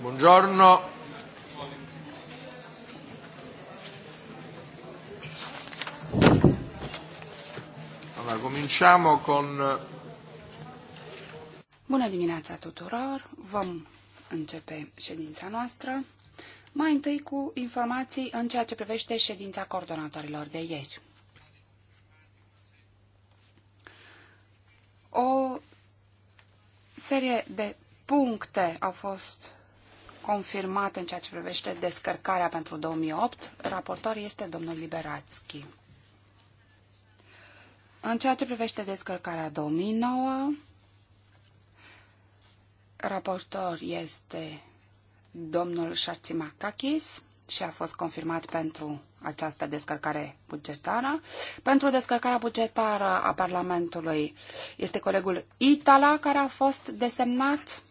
Buongiorno. Allora, cominciamo con... Eh, Bună dimineața tuturor! Vom începe ședința noastră. Mai întâi cu informații în ceea ce privește ședința coordonatorilor de ieri. O serie de puncte au fost confirmat în ceea ce privește descărcarea pentru 2008. Raportor este domnul Liberațchi. În ceea ce privește descărcarea 2009, raportor este domnul Șarțimarcachis și a fost confirmat pentru această descărcare bugetară. Pentru descărcarea bugetară a Parlamentului este colegul Itala care a fost desemnat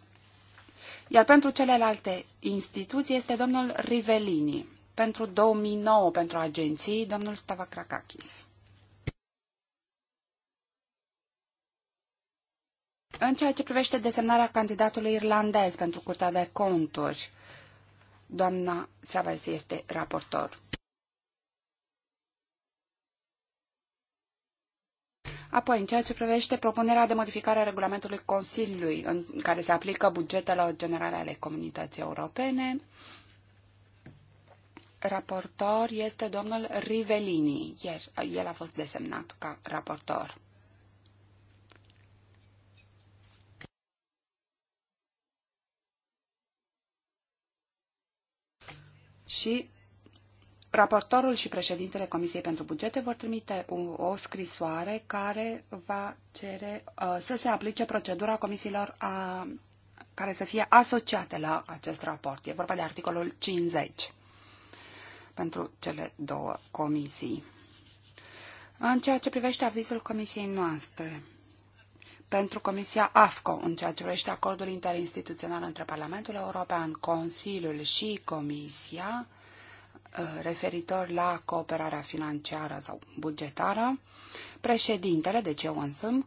iar pentru celelalte instituții este domnul Rivelini. Pentru 2009, pentru agenții, domnul Stavakrakakis. În ceea ce privește desemnarea candidatului irlandez pentru Curtea de Conturi, doamna Savas este raportor. Apoi, în ceea ce privește propunerea de modificare a regulamentului Consiliului, în care se aplică bugetelor generale ale Comunității Europene, raportor este domnul Rivelini. Ieri, el a fost desemnat ca raportor. Și Raportorul și președintele Comisiei pentru Bugete vor trimite o, o scrisoare care va cere uh, să se aplice procedura comisiilor a, care să fie asociate la acest raport. E vorba de articolul 50 pentru cele două comisii. În ceea ce privește avizul comisiei noastre, pentru Comisia AFCO în ceea ce privește acordul interinstituțional între Parlamentul European, Consiliul și Comisia Uh, referitor la cooperarea financiară sau bugetară, președintele, deci eu însumi,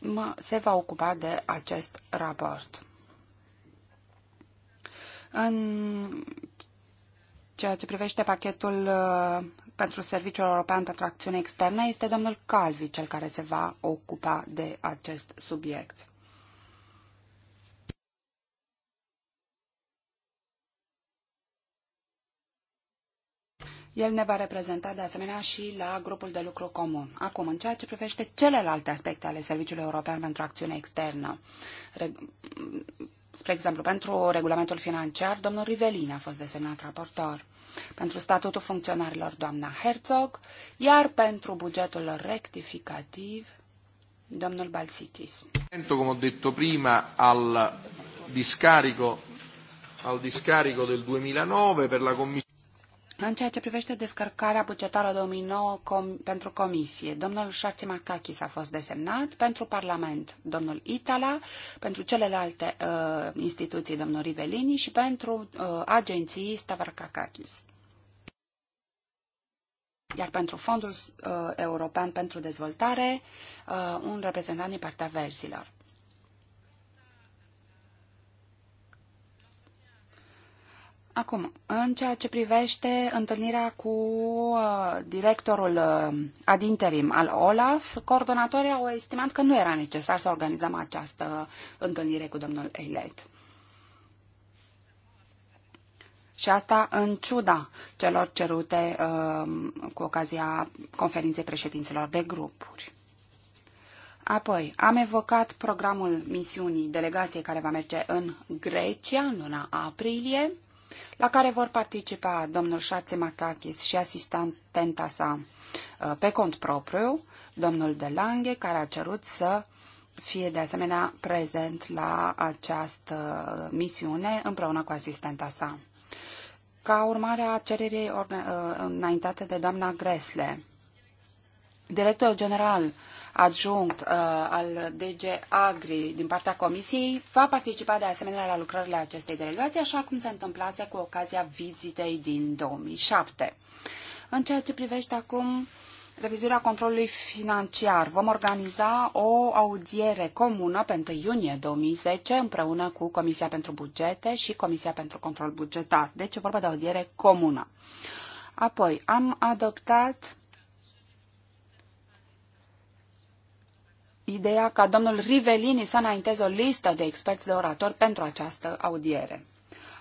mă, se va ocupa de acest raport. În ceea ce privește pachetul uh, pentru Serviciul European pentru Acțiune Externă, este domnul Calvi cel care se va ocupa de acest subiect. El ne va reprezenta de asemenea și la grupul de lucru comun. Acum, în ceea ce privește celelalte aspecte ale Serviciului European pentru Acțiune Externă, spre exemplu, pentru regulamentul financiar, domnul Rivelin a fost desemnat raportor, pentru statutul funcționarilor doamna Herzog, iar pentru bugetul rectificativ, domnul Balsitis. Cum am detto prima, al discarico al discarico del 2009 per la în ceea ce privește descărcarea bugetară 2009 com- pentru Comisie, domnul Șarțimarcachis a fost desemnat, pentru Parlament domnul Itala, pentru celelalte uh, instituții domnul Rivelini și pentru uh, agenții Stavarkakakis. Iar pentru Fondul uh, European pentru Dezvoltare, uh, un reprezentant din partea versilor. Acum, în ceea ce privește întâlnirea cu uh, directorul uh, ad interim al OLAF, coordonatorii au estimat că nu era necesar să organizăm această întâlnire cu domnul Eilet. Și asta în ciuda celor cerute uh, cu ocazia conferinței președinților de grupuri. Apoi, am evocat programul misiunii delegației care va merge în Grecia în luna aprilie la care vor participa domnul Șarțe Matakis și asistenta sa uh, pe cont propriu, domnul Lange, care a cerut să fie de asemenea prezent la această misiune împreună cu asistenta sa. Ca urmare a cererii uh, înaintate de doamna Gresle, directorul general adjunct uh, al DG Agri din partea Comisiei va participa de asemenea la lucrările acestei delegații, așa cum se întâmplase cu ocazia vizitei din 2007. În ceea ce privește acum revizuirea controlului financiar, vom organiza o audiere comună pentru iunie 2010 împreună cu Comisia pentru Bugete și Comisia pentru Control Bugetar. Deci e vorba de audiere comună. Apoi, am adoptat ideea ca domnul Rivelini să înainteze o listă de experți de oratori pentru această audiere.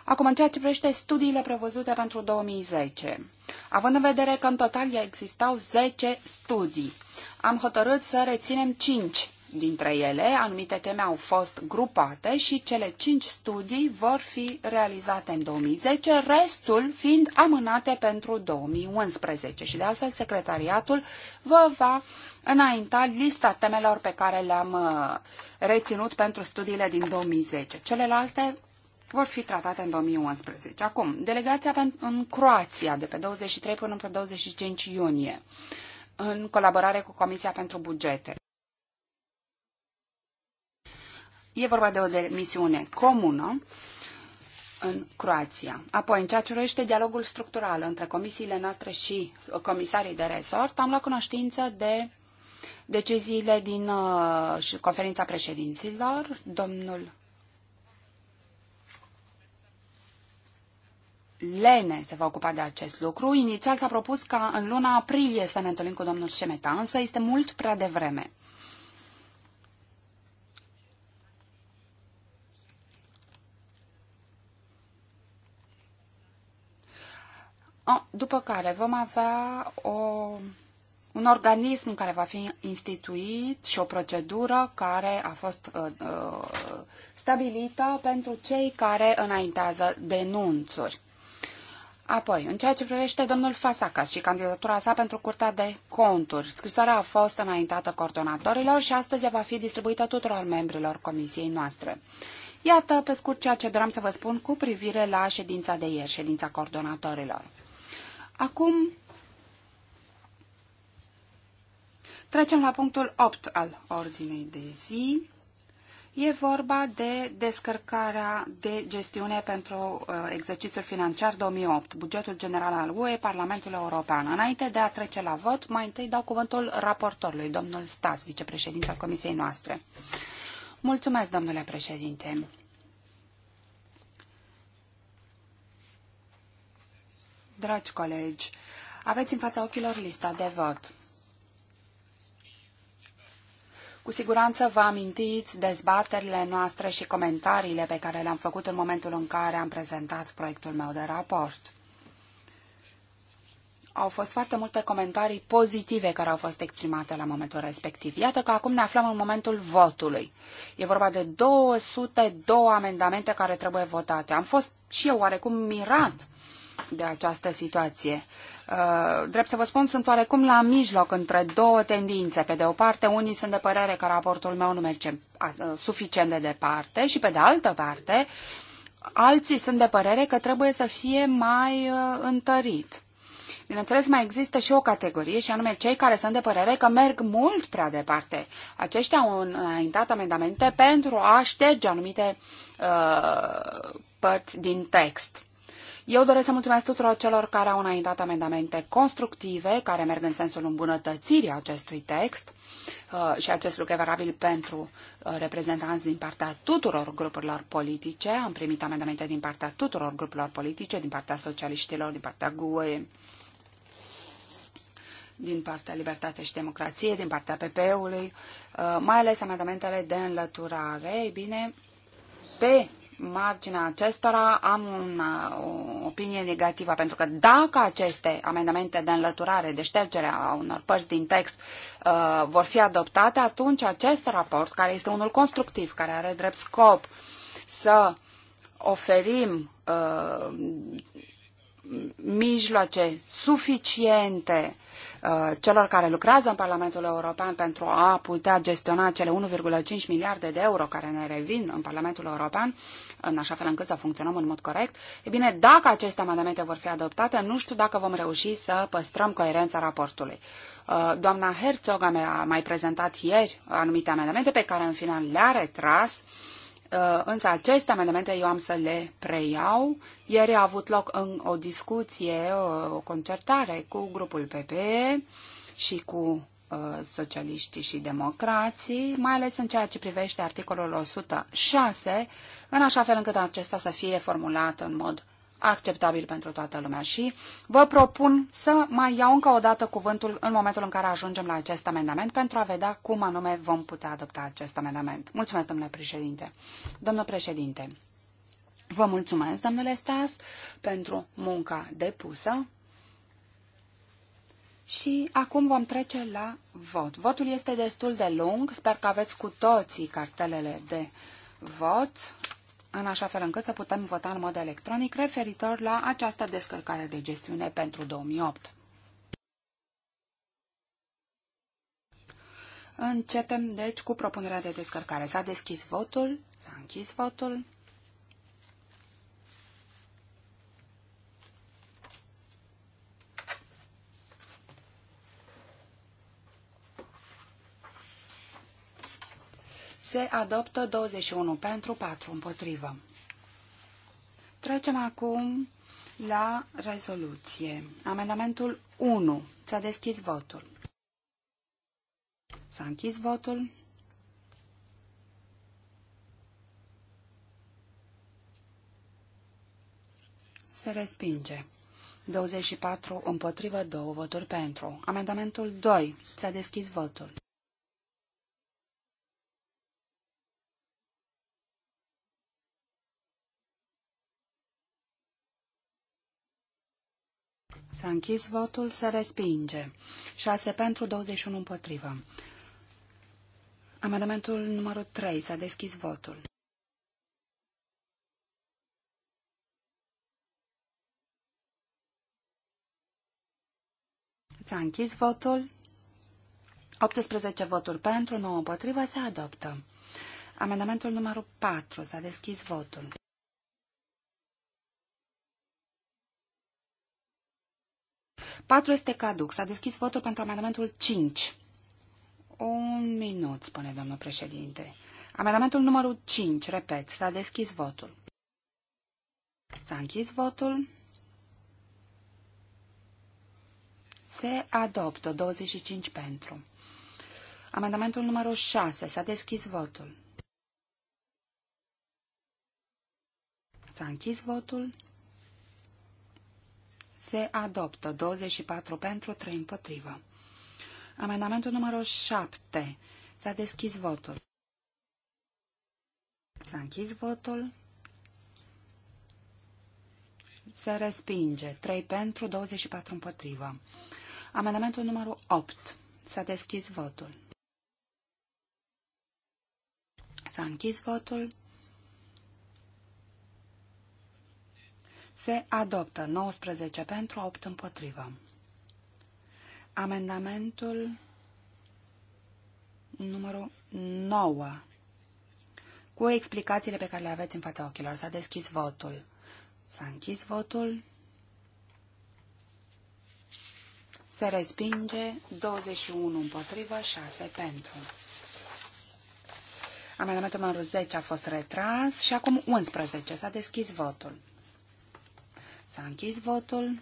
Acum, în ceea ce privește studiile prevăzute pentru 2010, având în vedere că în total existau 10 studii, am hotărât să reținem 5 dintre ele, anumite teme au fost grupate și cele cinci studii vor fi realizate în 2010, restul fiind amânate pentru 2011 și de altfel secretariatul vă va înainta lista temelor pe care le-am uh, reținut pentru studiile din 2010. Celelalte vor fi tratate în 2011. Acum, delegația în Croația de pe 23 până pe 25 iunie în colaborare cu Comisia pentru Bugete. E vorba de o misiune comună în Croația. Apoi, în ceea ce privește dialogul structural între comisiile noastre și comisarii de resort, am luat cunoștință de deciziile din uh, conferința președinților. Domnul Lene se va ocupa de acest lucru. Inițial s-a propus ca în luna aprilie să ne întâlnim cu domnul Șemeta, însă este mult prea devreme. După care vom avea o, un organism care va fi instituit și o procedură care a fost uh, uh, stabilită pentru cei care înaintează denunțuri. Apoi, în ceea ce privește domnul Fasacas și candidatura sa pentru Curtea de Conturi, scrisoarea a fost înaintată coordonatorilor și astăzi va fi distribuită tuturor membrilor comisiei noastre. Iată, pe scurt, ceea ce doream să vă spun cu privire la ședința de ieri, ședința coordonatorilor. Acum trecem la punctul 8 al ordinei de zi. E vorba de descărcarea de gestiune pentru uh, exercițiul financiar 2008, bugetul general al UE, Parlamentul European. Înainte de a trece la vot, mai întâi dau cuvântul raportorului, domnul Stas, vicepreședinte al comisiei noastre. Mulțumesc, domnule președinte. Dragi colegi, aveți în fața ochilor lista de vot. Cu siguranță vă amintiți dezbaterile noastre și comentariile pe care le-am făcut în momentul în care am prezentat proiectul meu de raport. Au fost foarte multe comentarii pozitive care au fost exprimate la momentul respectiv. Iată că acum ne aflăm în momentul votului. E vorba de 202 amendamente care trebuie votate. Am fost și eu oarecum mirat de această situație. Uh, drept să vă spun, sunt oarecum la mijloc între două tendințe. Pe de o parte, unii sunt de părere că raportul meu nu merge uh, suficient de departe și pe de altă parte, alții sunt de părere că trebuie să fie mai uh, întărit. Bineînțeles, mai există și o categorie, și anume cei care sunt de părere că merg mult prea departe. Aceștia au înaintat amendamente pentru a șterge anumite uh, părți din text. Eu doresc să mulțumesc tuturor celor care au înaintat amendamente constructive, care merg în sensul îmbunătățirii acestui text uh, și acest lucru e valabil pentru uh, reprezentanți din partea tuturor grupurilor politice. Am primit amendamente din partea tuturor grupurilor politice, din partea socialiștilor, din partea GUE, din partea Libertate și Democrație, din partea PP-ului, uh, mai ales amendamentele de înlăturare. Ei bine, pe marginea acestora am una, o opinie negativă, pentru că dacă aceste amendamente de înlăturare, de ștergere a unor părți din text uh, vor fi adoptate, atunci acest raport, care este unul constructiv, care are drept scop să oferim uh, mijloace suficiente uh, celor care lucrează în Parlamentul European pentru a putea gestiona cele 1,5 miliarde de euro care ne revin în Parlamentul European, în așa fel încât să funcționăm în mod corect, e bine, dacă aceste amendamente vor fi adoptate, nu știu dacă vom reuși să păstrăm coerența raportului. Uh, doamna Herzog a mai prezentat ieri anumite amendamente pe care în final le-a retras. Uh, însă aceste amendamente eu am să le preiau. Ieri a avut loc în o discuție, uh, o concertare cu grupul PP și cu uh, socialiștii și democrații, mai ales în ceea ce privește articolul 106, în așa fel încât acesta să fie formulat în mod acceptabil pentru toată lumea și vă propun să mai iau încă o dată cuvântul în momentul în care ajungem la acest amendament pentru a vedea cum anume vom putea adopta acest amendament. Mulțumesc, domnule președinte. Domnul președinte, vă mulțumesc, domnule Stas, pentru munca depusă. Și acum vom trece la vot. Votul este destul de lung, sper că aveți cu toții cartelele de vot în așa fel încât să putem vota în mod electronic referitor la această descărcare de gestiune pentru 2008. Începem, deci, cu propunerea de descărcare. S-a deschis votul, s-a închis votul. se adoptă 21 pentru 4 împotrivă. Trecem acum la rezoluție. Amendamentul 1. S-a deschis votul. S-a închis votul. Se respinge. 24 împotrivă, 2 voturi pentru. Amendamentul 2. S-a deschis votul. S-a închis votul, se respinge. 6 pentru, 21 împotrivă. Amendamentul numărul 3. S-a deschis votul. S-a închis votul. 18 voturi pentru, 9 împotrivă, se adoptă. Amendamentul numărul 4. S-a deschis votul. 4 este caduc. S-a deschis votul pentru amendamentul 5. Un minut, spune domnul președinte. Amendamentul numărul 5, repet, s-a deschis votul. S-a închis votul. Se adoptă 25 pentru. Amendamentul numărul 6. S-a deschis votul. S-a închis votul se adoptă. 24 pentru, 3 împotrivă. Amendamentul numărul 7. S-a deschis votul. S-a închis votul. Se respinge. 3 pentru, 24 împotrivă. Amendamentul numărul 8. S-a deschis votul. S-a închis votul. Se adoptă 19 pentru, 8 împotrivă. Amendamentul numărul 9. Cu explicațiile pe care le aveți în fața ochilor, s-a deschis votul. S-a închis votul. Se respinge 21 împotrivă, 6 pentru. Amendamentul numărul 10 a fost retras și acum 11. S-a deschis votul. S-a închis votul.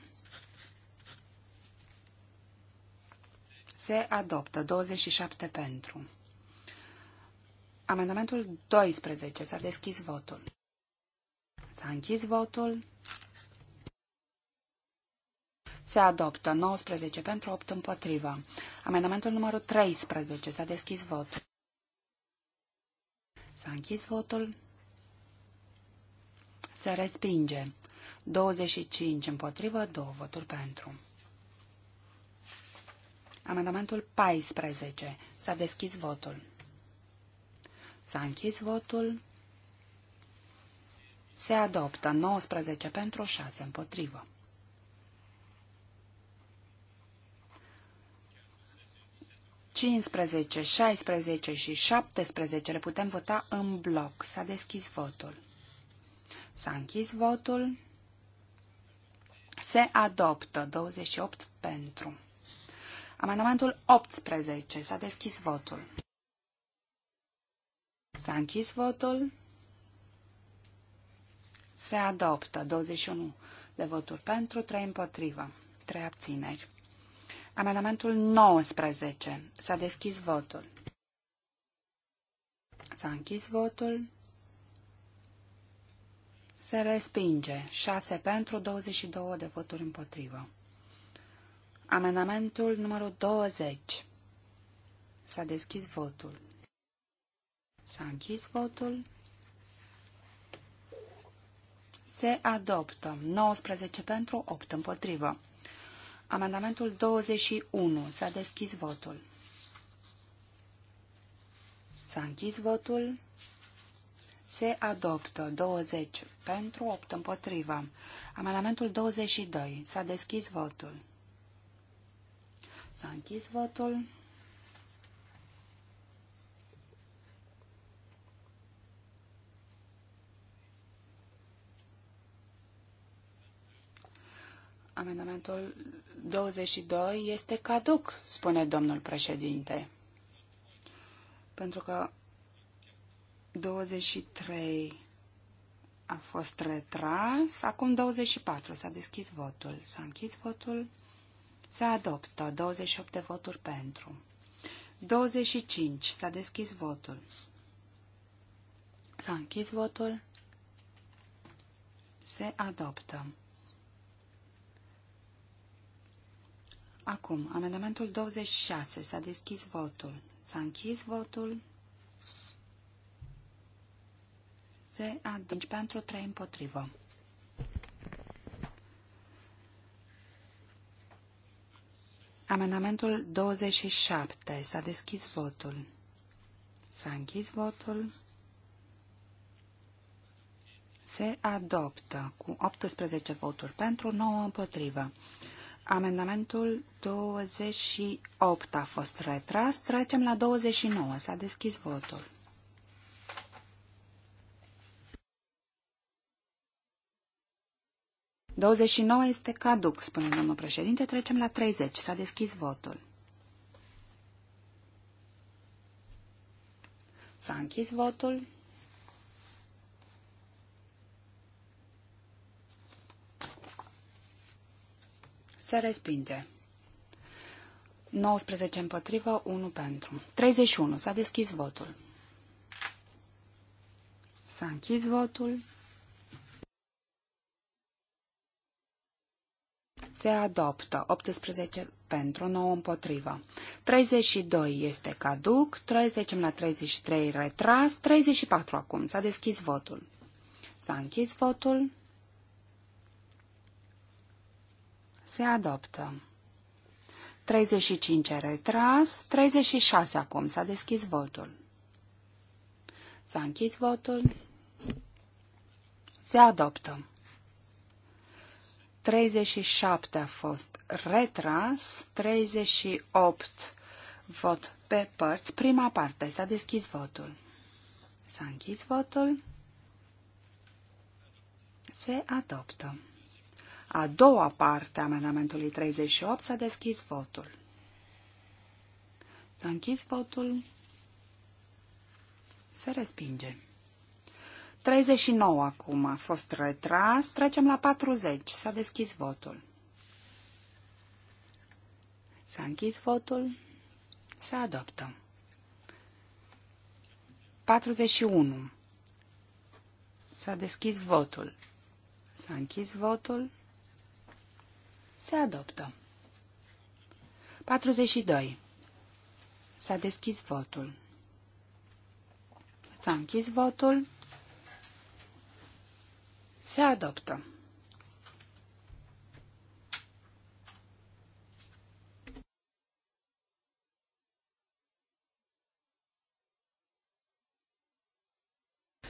Se adoptă 27 pentru. Amendamentul 12. S-a deschis votul. S-a închis votul. Se adoptă 19 pentru 8 împotriva. Amendamentul numărul 13. S-a deschis votul. S-a închis votul. Se respinge. 25 împotrivă, 2 voturi pentru. Amendamentul 14. S-a deschis votul. S-a închis votul. Se adoptă 19 pentru 6 împotrivă. Cincisprezece, șaisprezece și șaptesprezece le putem vota în bloc. S-a deschis votul. S-a închis votul. Se adoptă. 28 pentru. Amendamentul 18. S-a deschis votul. S-a închis votul. Se adoptă. 21 de voturi pentru, 3 împotrivă, 3 abțineri. Amendamentul 19. S-a deschis votul. S-a închis votul. Se respinge. 6 pentru, 22 de voturi împotrivă. Amendamentul numărul 20. S-a deschis votul. S-a închis votul. Se adoptă. 19 pentru, 8 împotrivă. Amendamentul 21. S-a deschis votul. S-a închis votul. Se adoptă 20 pentru, 8 împotriva. Amendamentul 22. S-a deschis votul. S-a închis votul. Amendamentul 22 este caduc, spune domnul președinte, pentru că 23 a fost retras. Acum 24. S-a deschis votul. S-a închis votul. Se adoptă. 28 de voturi pentru. 25. S-a deschis votul. S-a închis votul. Se adoptă. Acum, amendamentul 26. S-a deschis votul. S-a închis votul. se adunge pentru trei împotrivă. Amendamentul 27. S-a deschis votul. S-a închis votul. Se adoptă cu 18 voturi pentru, 9 împotrivă. Amendamentul 28 a fost retras. Trecem la 29. S-a deschis votul. 29 este caduc, spune domnul președinte. Trecem la 30. S-a deschis votul. S-a închis votul. Se respinge. 19 împotrivă, 1 pentru. 31. S-a deschis votul. S-a închis votul. se adoptă. 18 pentru, 9 împotrivă. 32 este caduc, 30 la 33 retras, 34 acum. S-a deschis votul. S-a închis votul. Se adoptă. 35 retras, 36 acum. S-a deschis votul. S-a închis votul. Se adoptă. 37 a fost retras, 38 vot pe părți. Prima parte, s-a deschis votul. S-a închis votul. Se adoptă. A doua parte a amendamentului 38 s-a deschis votul. S-a închis votul. Se respinge. 39 acum a fost retras. Trecem la 40. S-a deschis votul. S-a închis votul. Se adoptă. 41. S-a deschis votul. S-a închis votul. Se adoptă. 42. S-a deschis votul. S-a închis votul. Se adoptă.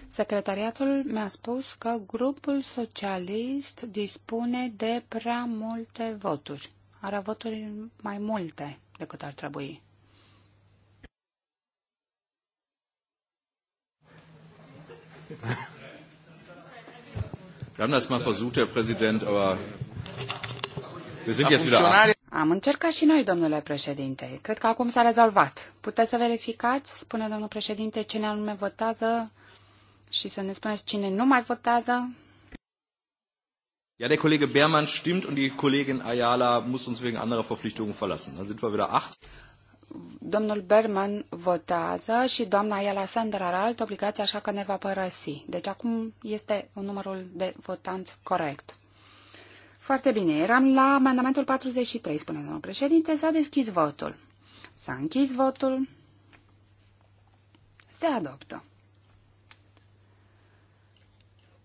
Secretariatul mi-a spus că grupul socialist dispune de prea multe voturi. Are voturi mai multe decât ar trebui. Wir haben das mal versucht, Herr Präsident, aber wir sind jetzt wieder Am încercat și noi, domnule președinte. Cred că acum s-a rezolvat. Puteți să verificați, spune domnul președinte, cine anume votează și să ne spuneți cine nu mai votează. Ja, der Kollege Beermann stimmt und die Kollegin Ayala muss uns wegen anderer Verpflichtungen verlassen. Dann sind wir wieder acht domnul Berman votează și doamna Ayala Sander are altă obligație, așa că ne va părăsi. Deci acum este un numărul de votanți corect. Foarte bine, eram la amendamentul 43, spune domnul președinte, s-a deschis votul. S-a închis votul. Se adoptă.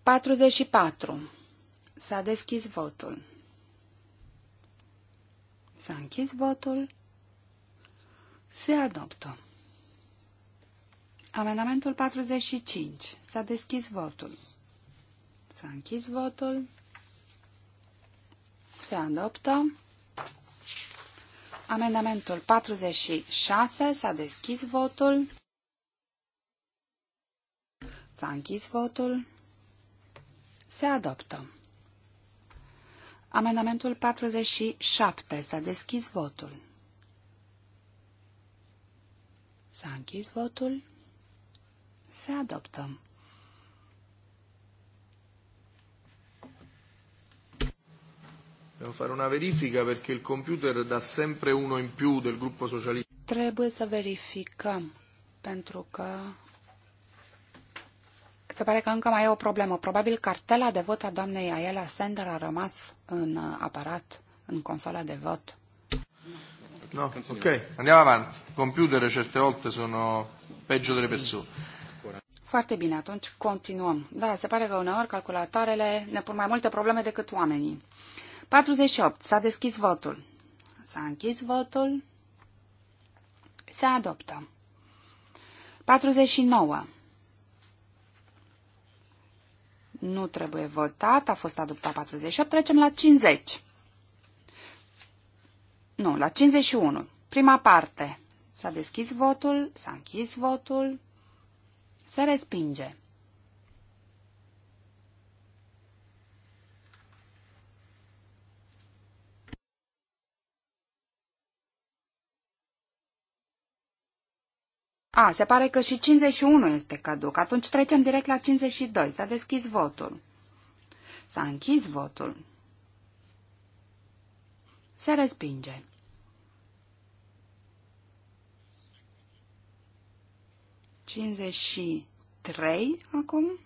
44. S-a deschis votul. S-a închis votul. Se adoptă. Amendamentul 45. S-a deschis votul. S-a închis votul. Se adoptă. Amendamentul 46. S-a deschis votul. S-a închis votul. Se adoptă. Amendamentul 47. S-a deschis votul. S-a închis votul. Se adoptă. Devo fare una verifica perché il computer dà sempre uno in più del gruppo socialista. Trebuie să verificăm pentru că se pare că încă mai e o problemă. Probabil cartela de vot a doamnei Aiela Sender a rămas în aparat, în consola de vot. No, ok, andiamo avanti. Computer certe volte sono peggio delle persone. Foarte bine, atunci continuăm. Da, se pare că uneori calculatoarele ne pun mai multe probleme decât oamenii. 48. S-a deschis votul. S-a închis votul. Se adoptă. 49. Nu trebuie votat, a fost adoptat 48, trecem la 50. Nu, la 51. Prima parte. S-a deschis votul, s-a închis votul, se respinge. A, se pare că și 51 este caduc. Atunci trecem direct la 52. S-a deschis votul. S-a închis votul. Se respinge. 53 acum.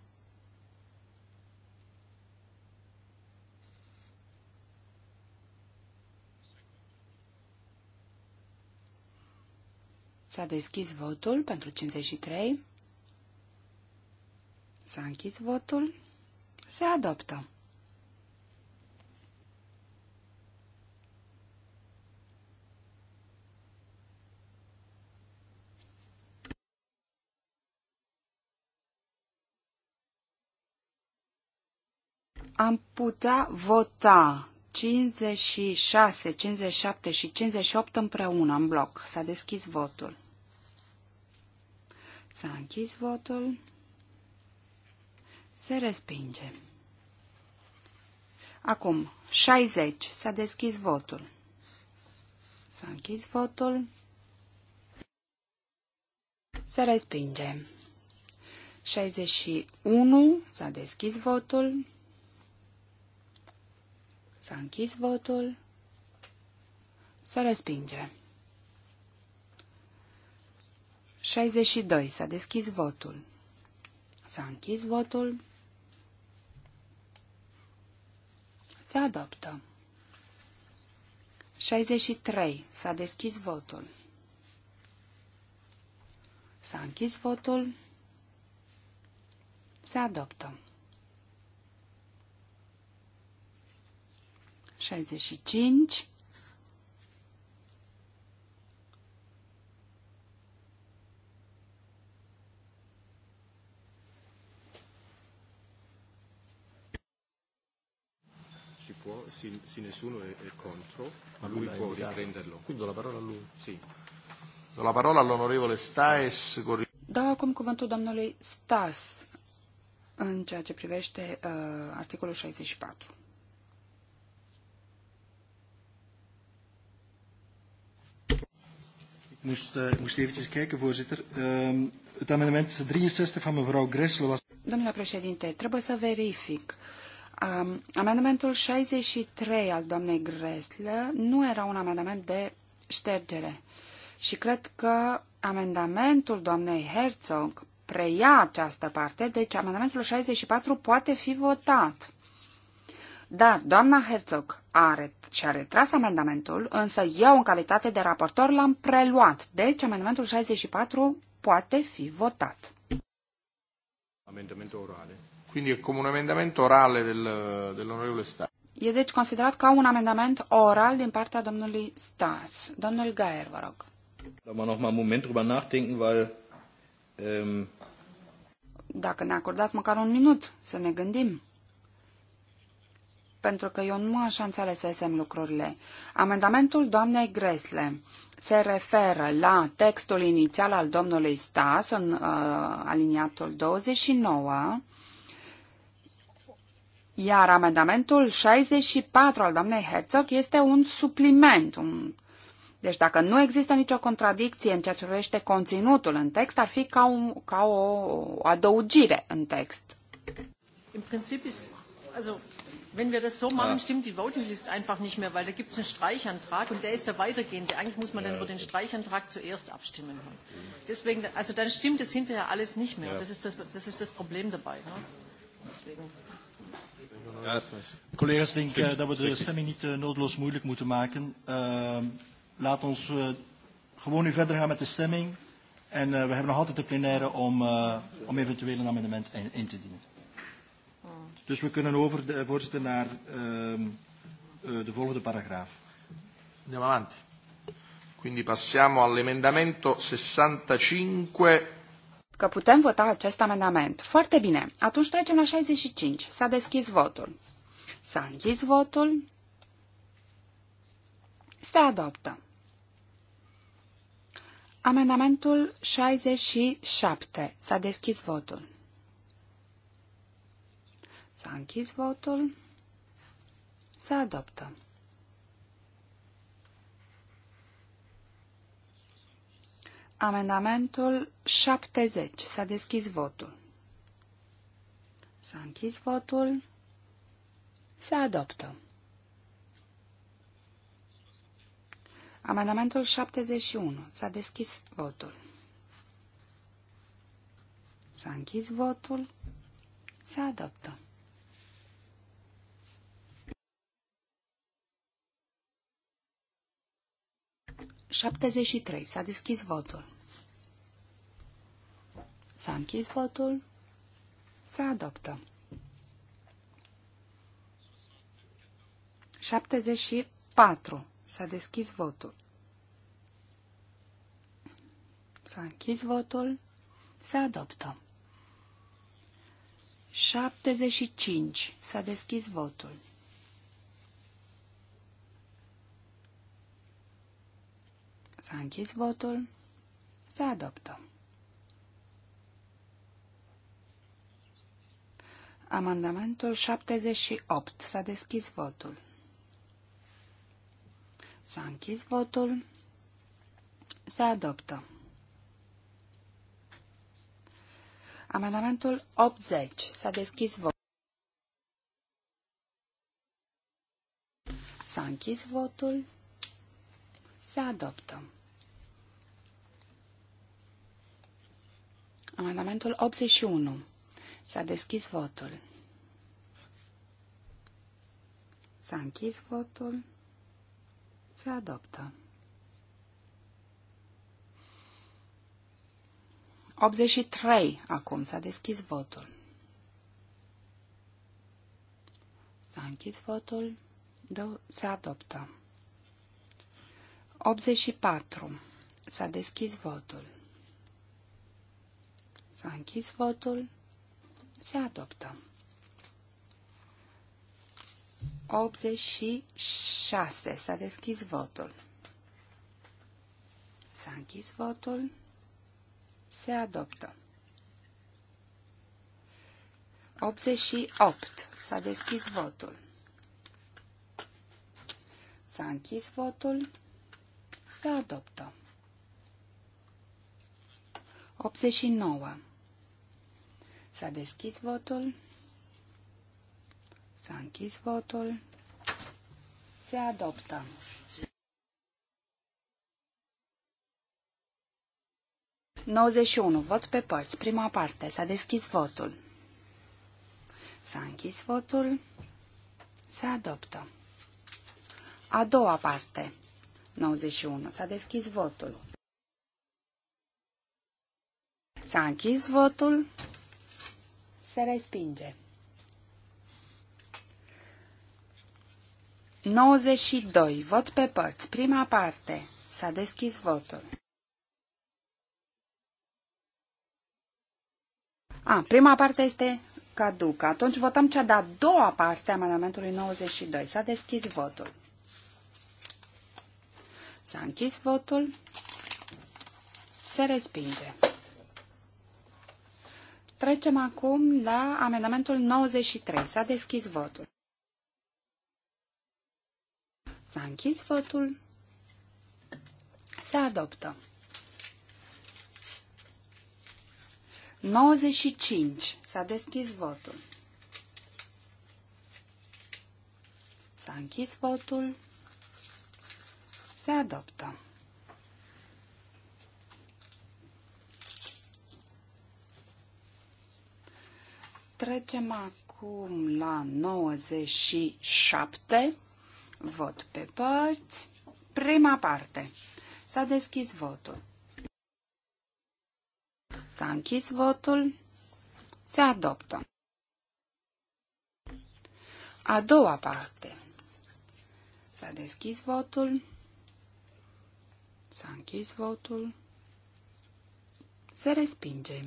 S-a deschis votul pentru 53. S-a închis votul. Se adoptă. am putea vota 56, 57 și 58 împreună în bloc. S-a deschis votul. S-a închis votul. Se respinge. Acum, 60. S-a deschis votul. S-a închis votul. Se respinge. 61. S-a deschis votul. S-a închis votul. Se respinge. 62. S-a deschis votul. S-a închis votul. Se adoptă. 63. S-a deschis votul. S-a închis votul. Se adoptă. 65. Ci può, se, se nessuno è, è contro, Ma lui, lui può indicato. riprenderlo. Quindi do la parola a lui. Sì. Do la parola all'onorevole Staes. Da Dau acum cuvântul domnului Stas în ceea ce privește uh, articolul 64. moest, uh, moest eventjes kijken, voorzitter. Uh, het amendement 63 van mevrouw Gressel was... Domnule președinte, trebuie să verific. Um, amendamentul 63 al doamnei Gresle nu era un amendament de ștergere. Și cred că amendamentul doamnei Herzog preia această parte, deci amendamentul 64 poate fi votat. Dar doamna Herzog are, și-a retras amendamentul, însă eu, în calitate de raportor, l-am preluat. Deci, amendamentul 64 poate fi votat. Amendamentul orale. Quindi e come un amendamento orale del, dell'onorevole Stas. E deci considerat ca un amendament oral din partea domnului Stas. Domnul Gaer, vă rog. Dar noch mal einen Moment drüber nachdenken, weil ähm... Dacă ne acordați măcar un minut să ne gândim pentru că eu nu așa înțelesesem lucrurile. Amendamentul doamnei Gresle se referă la textul inițial al domnului Stas în uh, aliniatul 29, iar amendamentul 64 al doamnei Herzog este un supliment, un deci dacă nu există nicio contradicție în ceea ce privește conținutul în text, ar fi ca, un, ca o adăugire în text. În principiu, Wenn wir das so machen, stimmt die Voting List einfach nicht mehr, weil da gibt es einen Streichantrag und der ist der weitergehende. Eigentlich muss man dann über den Streichantrag zuerst abstimmen. Deswegen, also dann stimmt es hinterher alles nicht mehr. Ja. Das, ist das, das ist das Problem dabei. Ne? Deswegen. Ja, Collega's denken uh, dat we de er stemming niet uh, noodloos moeilijk moeten maken. Uh, laat ons uh, gewoon nu verder gaan met de stemming. En uh, we hebben nog altijd de plenaire om, uh, om eventueel een amendement in, in te dienen. Dus we kunnen over, de, voorzitter, naar uh, uh, de volgende paragraaf. Andiamo avanti. Quindi passiamo all'emendamento 65. Că putem vota acest amendament. Foarte bine. Atunci trecem la 65. S-a deschis votul. S-a închis votul. Se adoptă. Amendamentul 67. S-a deschis votul. S-a închis votul. Se adoptă. Amendamentul 70. S-a deschis votul. S-a închis votul. Se adoptă. Amendamentul 71. S-a deschis votul. S-a închis votul. Se adoptă. 73. S-a deschis votul. S-a închis votul. Se adoptă. 74. S-a deschis votul. S-a închis votul. Se adoptă. 75. S-a deschis votul. S-a închis votul. Se adoptă. Amendamentul 78. S-a deschis votul. S-a închis votul. Se adoptă. Amendamentul 80. S-a deschis votul. S-a închis votul. Se adoptă. Amendamentul 81. S-a deschis votul. S-a închis votul. Se adoptă. 83. Acum s-a deschis votul. S-a închis votul. Se adoptă. 84. S-a deschis votul. S-a închis votul. Se adoptă. 86. S-a deschis votul. S-a închis votul. Se adoptă. 88. S-a deschis votul. S-a închis votul. Se adoptă. 89. S-a deschis votul. S-a închis votul. Se adoptă. 91 Vot pe părți. Prima parte. S-a deschis votul. S-a închis votul. Se adoptă. A doua parte. 91. S-a deschis votul. S-a închis votul se respinge. 92. Vot pe părți. Prima parte. S-a deschis votul. A, prima parte este caducă. Atunci votăm cea de-a doua parte a amendamentului 92. S-a deschis votul. S-a închis votul. Se respinge. Trecem acum la amendamentul 93. S-a deschis votul. S-a închis votul. Se adoptă. 95. S-a deschis votul. S-a închis votul. Se adoptă. Trecem acum la 97. Vot pe părți. Prima parte. S-a deschis votul. S-a închis votul. Se adoptă. A doua parte. S-a deschis votul. S-a închis votul. Se respinge.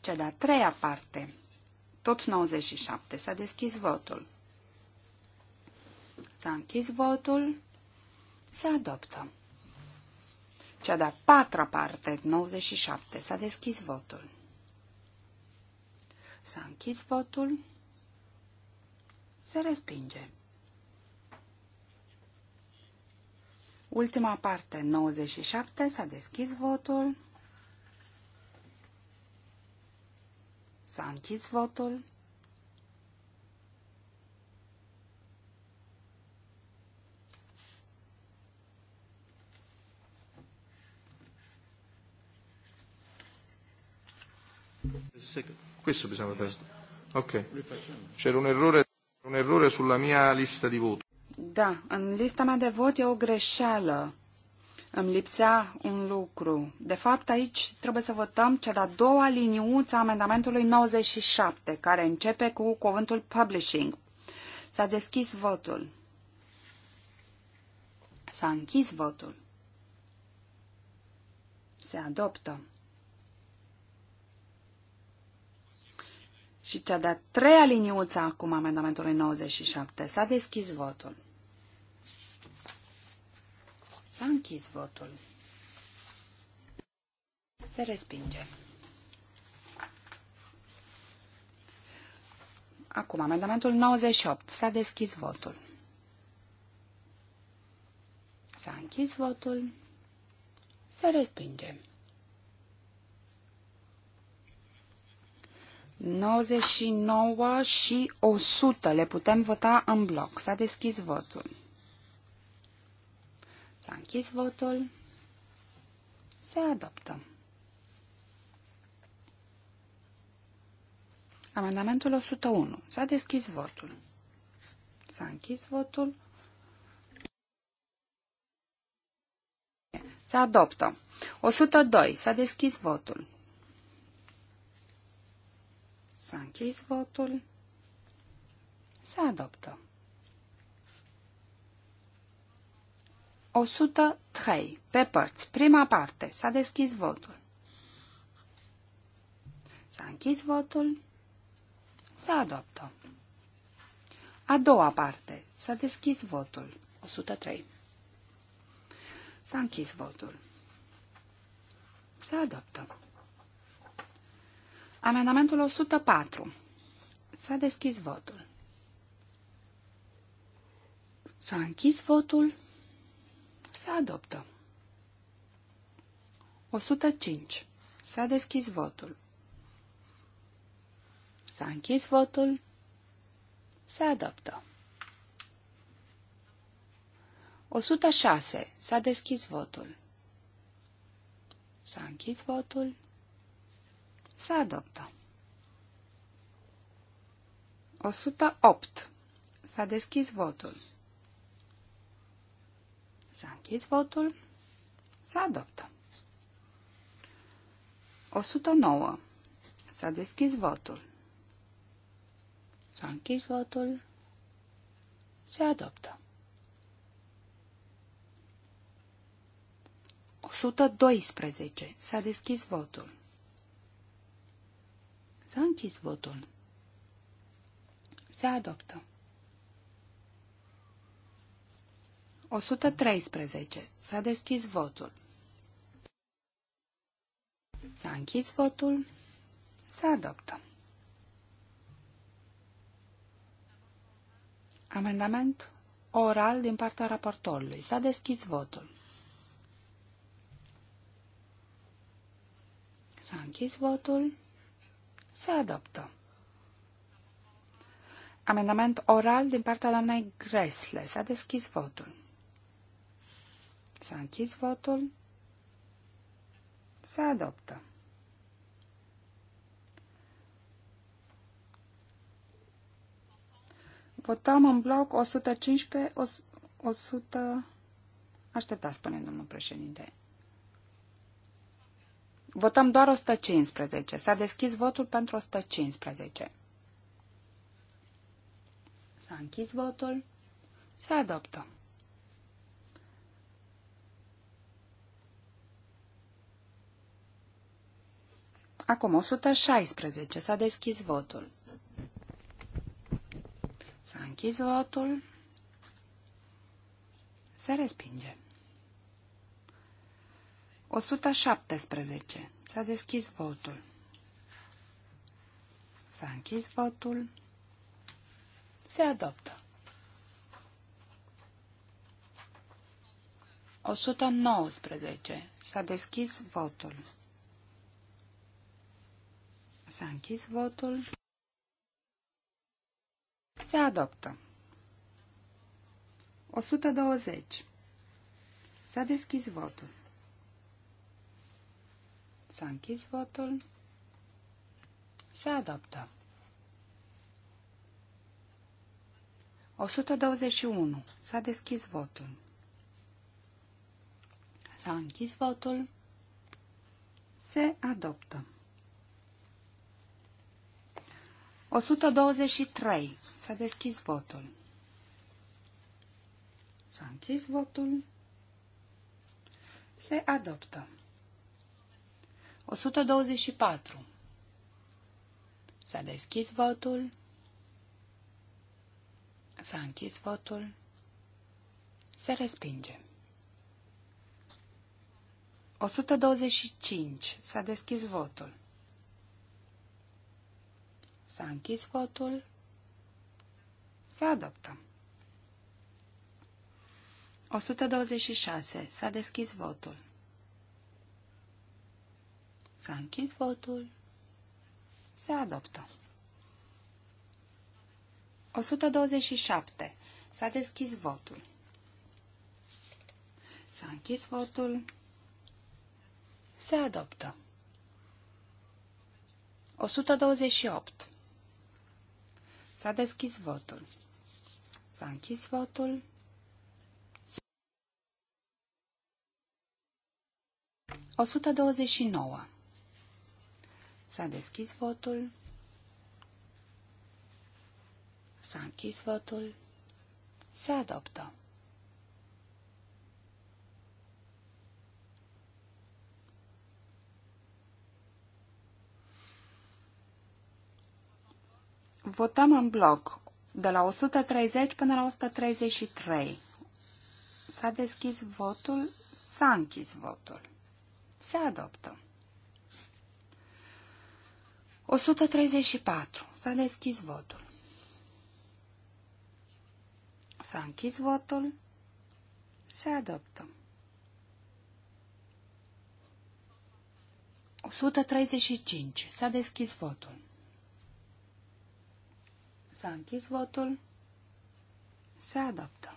Cea de-a treia parte, tot 97, s-a deschis votul. S-a închis votul, se adoptă. Cea de-a patra parte, 97, s-a deschis votul. S-a închis votul, se respinge. Ultima parte, 97, s-a deschis votul. S-a închis votul. Questo bisogna testare. Ok. C'era un errore, un errore sulla mia lista di voto. Da, în lista mea de vot e o greșeală. Îmi lipsea un lucru. De fapt, aici trebuie să votăm cea de-a doua liniuță a amendamentului 97, care începe cu cuvântul publishing. S-a deschis votul. S-a închis votul. Se adoptă. Și cea de-a treia liniuță acum amendamentului 97. S-a deschis votul. S-a închis votul. Se respinge. Acum, amendamentul 98. S-a deschis votul. S-a închis votul. Se respinge. 99 și 100 le putem vota în bloc. S-a deschis votul. S-a închis votul. Se adoptă. Amendamentul 101. S-a deschis votul. S-a închis votul. Se adoptă. 102. S-a deschis votul. S-a închis votul. Se adoptă. 103. Pe părți. Prima parte. S-a deschis votul. S-a închis votul. Se adoptă. A doua parte. S-a deschis votul. 103. S-a închis votul. Se adoptă. Amendamentul 104. S-a deschis votul. S-a închis votul. Se adoptă. 105. S-a deschis votul. S-a închis votul. Se adoptă. 106. S-a deschis votul. S-a închis votul. Se adoptă. 108. S-a deschis votul. S-a închis votul. Se adoptă. 109. S-a deschis votul. S-a închis votul. Se adoptă. 112. S-a deschis votul. S-a închis votul. Se adoptă. 113. S-a deschis votul. S-a închis votul. Se adoptă. Amendament oral din partea raportorului. S-a deschis votul. S-a închis votul. Se adoptă. Amendament oral din partea doamnei Gresle. S-a deschis votul. S-a închis votul. Se adoptă. Votăm în bloc 115, 100... Așteptați, spune domnul președinte. Votăm doar 115. S-a deschis votul pentru 115. S-a închis votul. Se adoptă. Acum 116. S-a deschis votul. S-a închis votul. Se respinge. 117. S-a deschis votul. S-a închis votul. Se adoptă. 119. S-a deschis votul. S-a închis votul. Se adoptă. 120. S-a deschis votul. S-a închis votul. Se adoptă. 121. S-a deschis votul. S-a închis votul. Se adoptă. 123. S-a deschis votul. S-a închis votul. Se adoptă. 124. S-a deschis votul. S-a închis votul. Se respinge. 125. S-a deschis votul. S-a închis votul. Se adoptă. 126. S-a deschis votul. S-a închis votul. Se adoptă. 127. S-a deschis votul. S-a închis votul. Se adoptă. 128. S-a deschis votul. S-a închis votul. O sută douăzeci și nouă. S-a deschis votul. S-a închis votul. Se adoptă. Votăm în bloc de la 130 până la 133. S-a deschis votul, s-a închis votul. Se adoptă. 134. S-a deschis votul. S-a închis votul. Se adoptă. 135. S-a deschis votul. S-a închis votul. Se adoptă.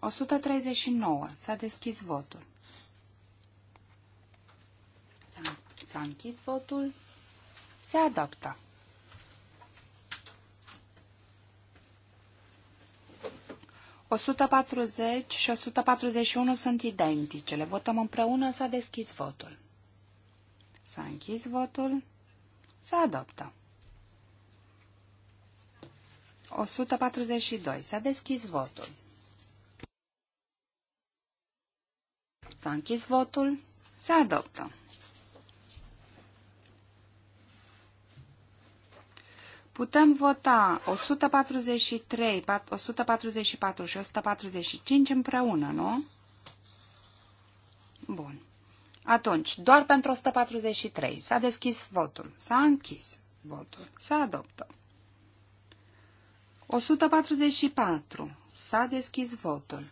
O sută treizeci și nouă. S-a deschis votul. S-a închis votul. Se adoptă. 140 și 141 sunt identice. Le votăm împreună. S-a deschis votul. S-a închis votul. Se adoptă. 142. S-a deschis votul. S-a închis votul. Se adoptă. Putem vota 143, 144 și 145 împreună, nu? Bun. Atunci, doar pentru 143 s-a deschis votul, s-a închis votul, se adoptă. 144 s-a deschis votul,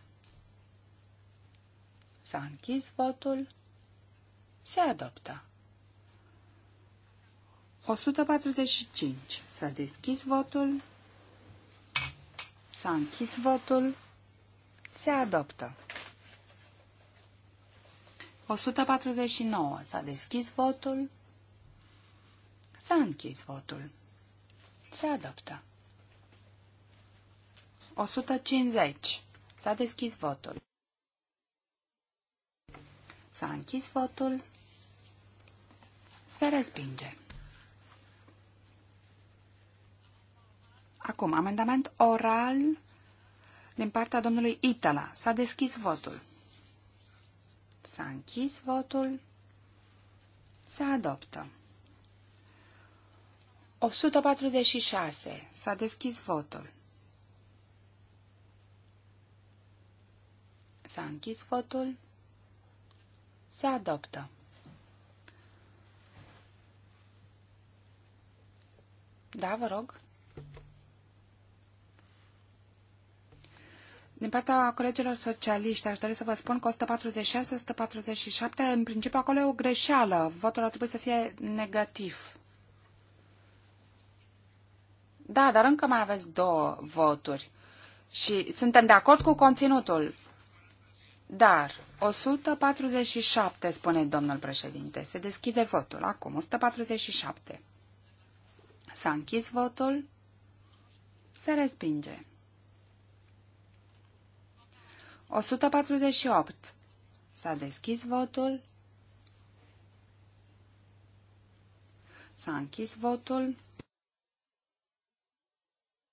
s-a închis votul, se adoptă. 145 S-a deschis votul. S-a închis votul. Se adoptă. 149. S-a deschis votul. S-a închis votul. Se adoptă. 150. S-a deschis votul. S-a închis votul. Se respinge. Acum, amendament oral din partea domnului Itala. S-a deschis votul. S-a închis votul. Se adoptă. 146. S-a deschis votul. S-a închis votul. Se adoptă. Da, vă rog. Din partea colegilor socialiști, aș dori să vă spun că 146, 147, în principiu acolo e o greșeală. Votul ar trebui să fie negativ. Da, dar încă mai aveți două voturi. Și suntem de acord cu conținutul. Dar 147, spune domnul președinte, se deschide votul. Acum, 147. S-a închis votul. Se respinge. 148. S-a deschis votul. S-a închis votul.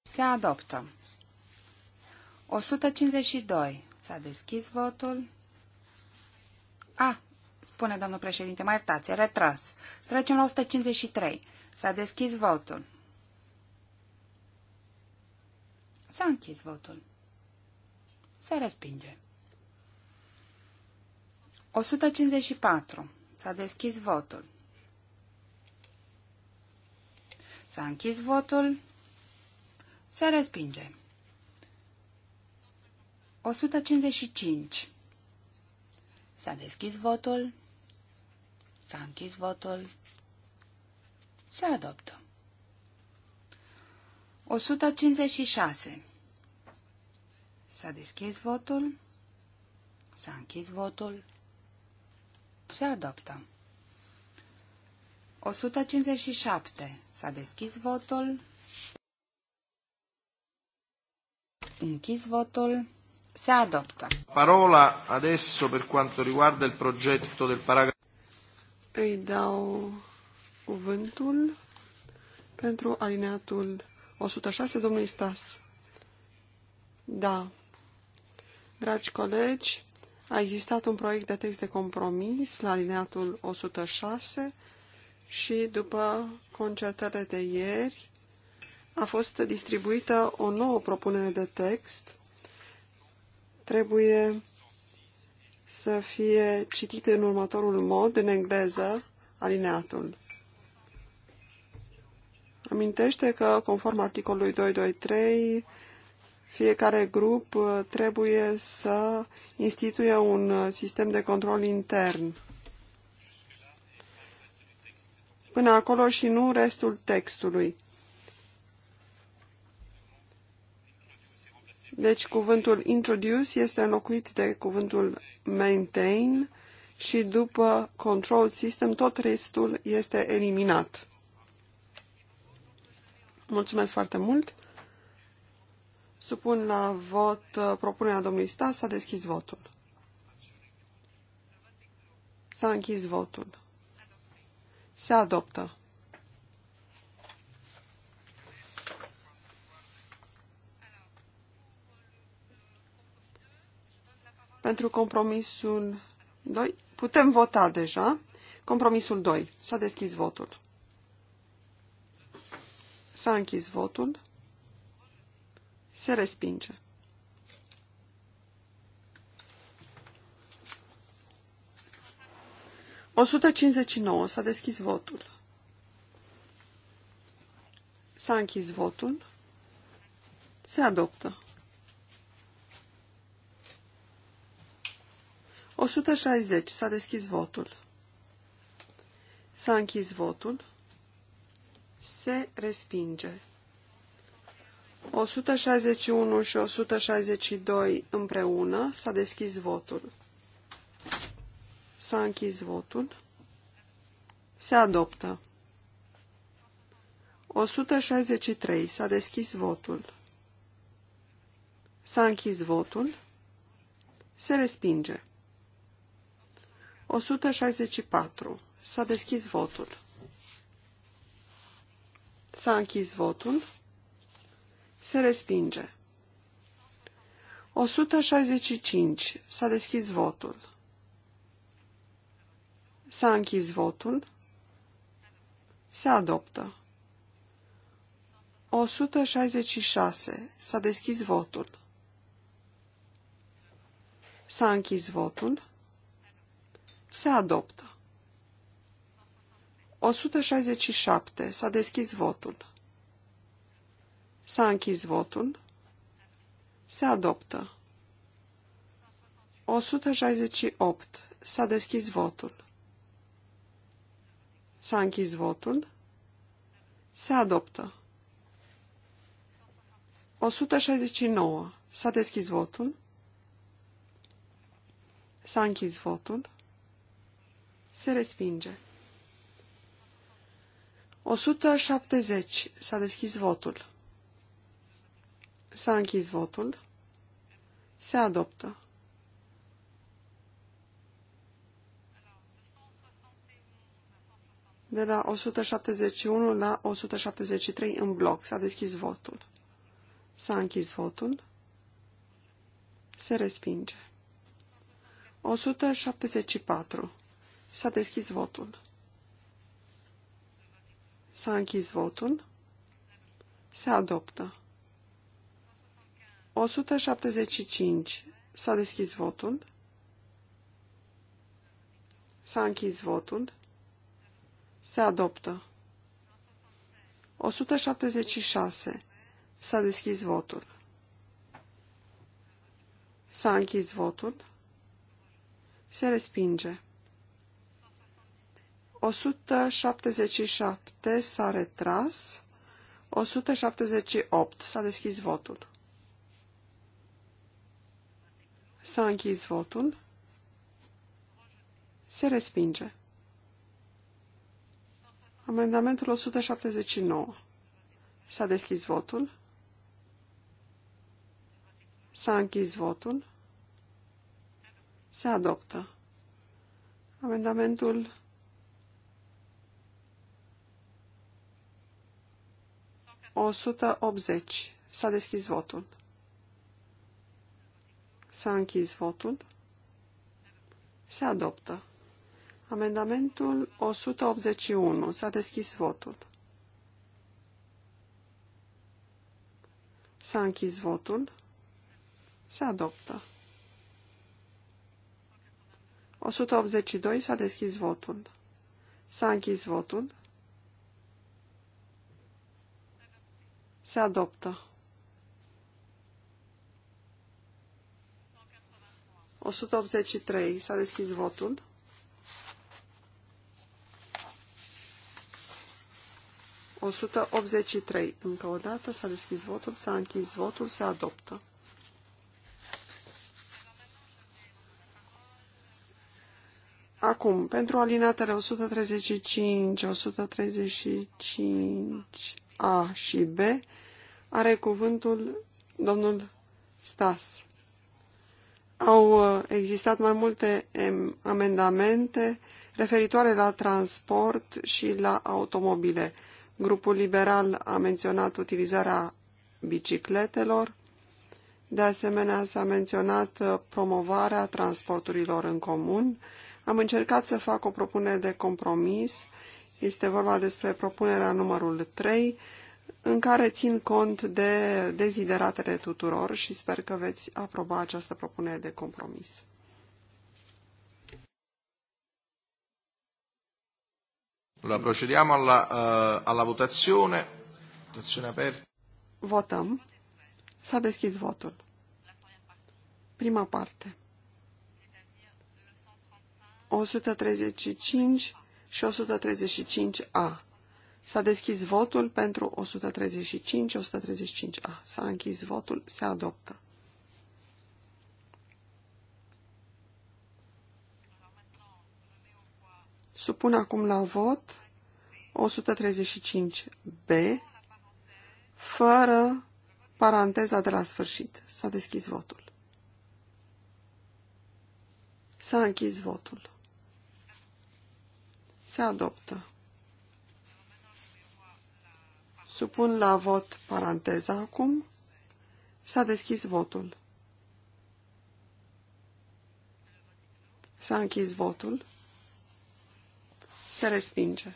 Se adoptă. 152. S-a deschis votul. A, spune domnul președinte, mai iertați, retras. Trecem la 153. S-a deschis votul. S-a închis votul. Se respinge. 154. S-a deschis votul. S-a închis votul. Se respinge. 155. S-a deschis votul. S-a închis votul. Se adoptă. 156. S-a deschis votul. S-a închis votul. Se adoptă. 157. S-a deschis votul. Închis votul. Se adoptă. Parola adesso per quanto riguarda il progetto del paragrafo. Îi dau cuvântul pentru alineatul 106, domnului Stas. Da, Dragi colegi, a existat un proiect de text de compromis la alineatul 106 și după concertările de ieri a fost distribuită o nouă propunere de text. Trebuie să fie citit în următorul mod, în engleză, alineatul. Amintește că, conform articolului 223, fiecare grup uh, trebuie să instituie un uh, sistem de control intern. Până acolo și nu restul textului. Deci cuvântul introduce este înlocuit de cuvântul maintain și după control system tot restul este eliminat. Mulțumesc foarte mult! Supun la vot uh, propunerea domnului Stas. S-a deschis votul. S-a închis votul. Se adoptă. Pentru compromisul 2, putem vota deja. Compromisul 2. S-a deschis votul. S-a închis votul. Se respinge. O 159. S-a deschis votul. S-a închis votul. Se adoptă. 160. S-a deschis votul. S-a închis votul. Se respinge. 161 și 162 împreună. S-a deschis votul. S-a închis votul. Se adoptă. 163. S-a deschis votul. S-a închis votul. Se respinge. 164. S-a deschis votul. S-a închis votul. Se respinge. 165. S-a deschis votul. S-a închis votul. Se adoptă. 166. S-a deschis votul. S-a închis votul. Se adoptă. 167. S-a deschis votul. S-a închis votul. Se adoptă. 168. S-a deschis votul. S-a închis votul. Se adoptă. 169. S-a deschis votul. S-a închis votul. Se respinge. 170. S-a deschis votul. S-a închis votul. Se adoptă. De la 171 la 173 în bloc. S-a deschis votul. S-a închis votul. Se respinge. 174. S-a deschis votul. S-a închis votul. Se adoptă. 175. S-a deschis votul. S-a închis votul. Se adoptă. 176. S-a deschis votul. S-a închis votul. Se respinge. 177 s-a retras. 178 s-a deschis votul. S-a închis votul. Se respinge. Amendamentul 179. S-a deschis votul. S-a închis votul. Se adoptă. Amendamentul 180. S-a deschis votul. S-a închis votul. Se adoptă. Amendamentul 181. S-a deschis votul. S-a închis votul. Se adoptă. 182. S-a deschis votul. S-a închis votul. Se adoptă. 183. S-a deschis votul. O 183. Încă o dată s-a deschis votul, s-a închis votul, se adoptă. Acum, pentru alinatele 135, 135 A și B, are cuvântul domnul Stas. Au uh, existat mai multe amendamente referitoare la transport și la automobile. Grupul liberal a menționat utilizarea bicicletelor. De asemenea, s-a menționat uh, promovarea transporturilor în comun. Am încercat să fac o propunere de compromis. Este vorba despre propunerea numărul 3, în care țin cont de dezideratele tuturor și sper că veți aproba această propunere de compromis. Allora, procediamo alla, uh, alla votazione. Votazione aperta. Votăm. S-a deschis votul. Prima parte. 135 și 135A. S-a deschis votul pentru 135, 135A. S-a închis votul, se adoptă. Supun acum la vot 135B, fără paranteza de la sfârșit. S-a deschis votul. S-a închis votul. Se adoptă. Supun la vot paranteza acum. S-a deschis votul. S-a închis votul. Se respinge.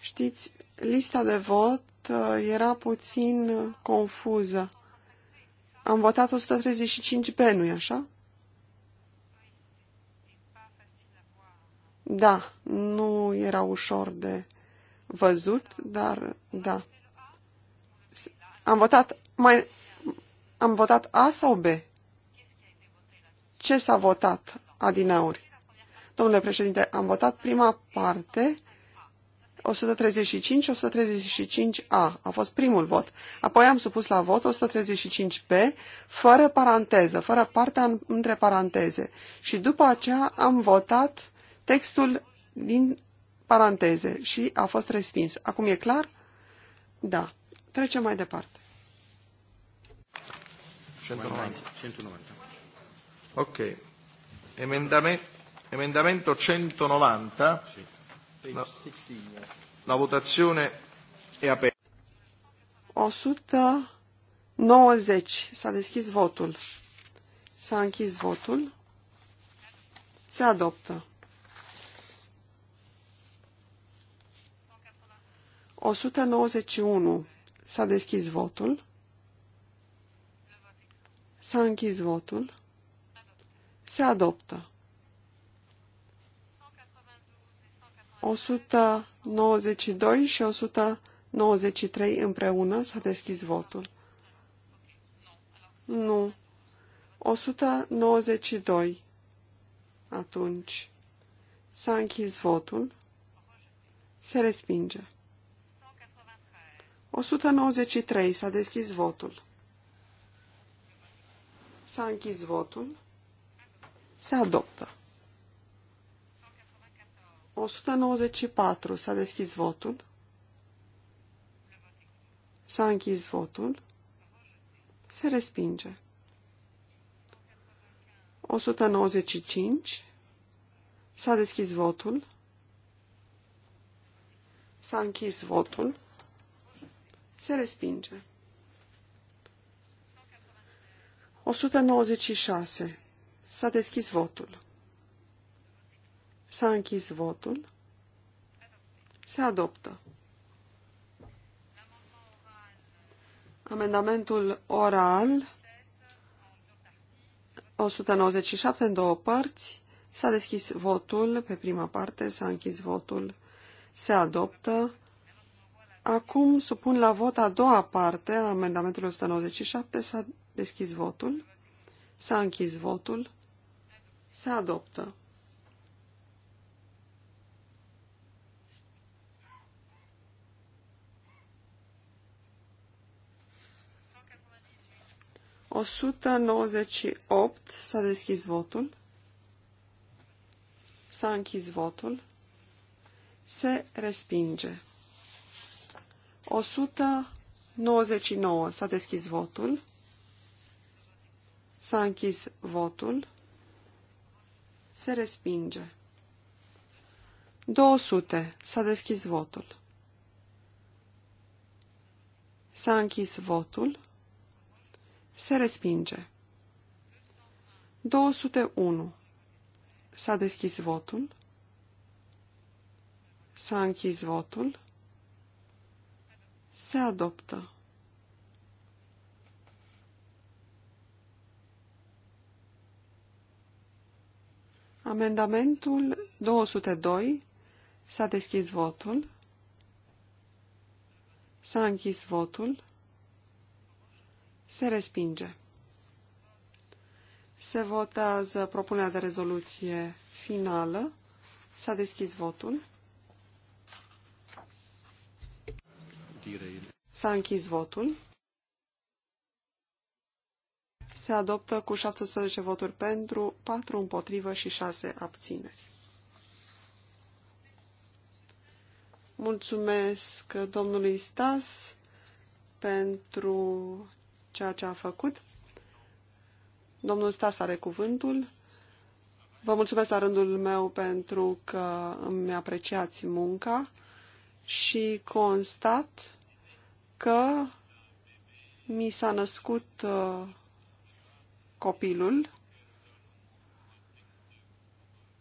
Știți, lista de vot uh, era puțin confuză. Am votat 135 B, nu-i așa? Da, nu era ușor de văzut, dar da. Am votat mai am votat A sau B? Ce s-a votat adinauri? Domnule președinte, am votat prima parte 135 135A. A fost primul vot. Apoi am supus la vot 135B fără paranteză, fără partea între paranteze. Și după aceea am votat textul din paranteze și a fost respins. Acum e clar? Da. Trecem mai departe. 190. 190. Ok. Emendament, emendamento 190. La, la votazione è aperta. 190. S-a deschis votul. S-a închis votul. Se adoptă. 191. S-a deschis votul. S-a închis votul. Se adoptă. 192 și 193 împreună s-a deschis votul. Nu. 192. Atunci s-a închis votul. Se respinge. 193. S-a deschis votul. S-a închis votul. Se adoptă. 194. S-a deschis votul. S-a închis votul. Se respinge. 195. S-a deschis votul. S-a închis votul. Se respinge. 196. S-a deschis votul. S-a închis votul. Se adoptă. Amendamentul oral 197 în două părți. S-a deschis votul pe prima parte, s-a închis votul, se adoptă. Acum supun la vot a doua parte a amendamentului 197. S-a deschis votul. S-a închis votul. Se adoptă. O sută nouăzeci opt s-a deschis votul. S-a închis votul. Se respinge. 199. S-a deschis votul. S-a închis votul. Se respinge. 200. S-a deschis votul. S-a închis votul. Se respinge. 201. S-a deschis votul. S-a închis votul. Se adoptă. Amendamentul 202 s-a deschis votul. S-a închis votul. Se respinge. Se votează propunerea de rezoluție finală. S-a deschis votul. S-a închis votul. Se adoptă cu 17 voturi pentru, 4 împotrivă și 6 abțineri. Mulțumesc domnului Stas pentru ceea ce a făcut. Domnul Stas are cuvântul. Vă mulțumesc la rândul meu pentru că îmi apreciați munca și constat că mi s-a născut uh, copilul.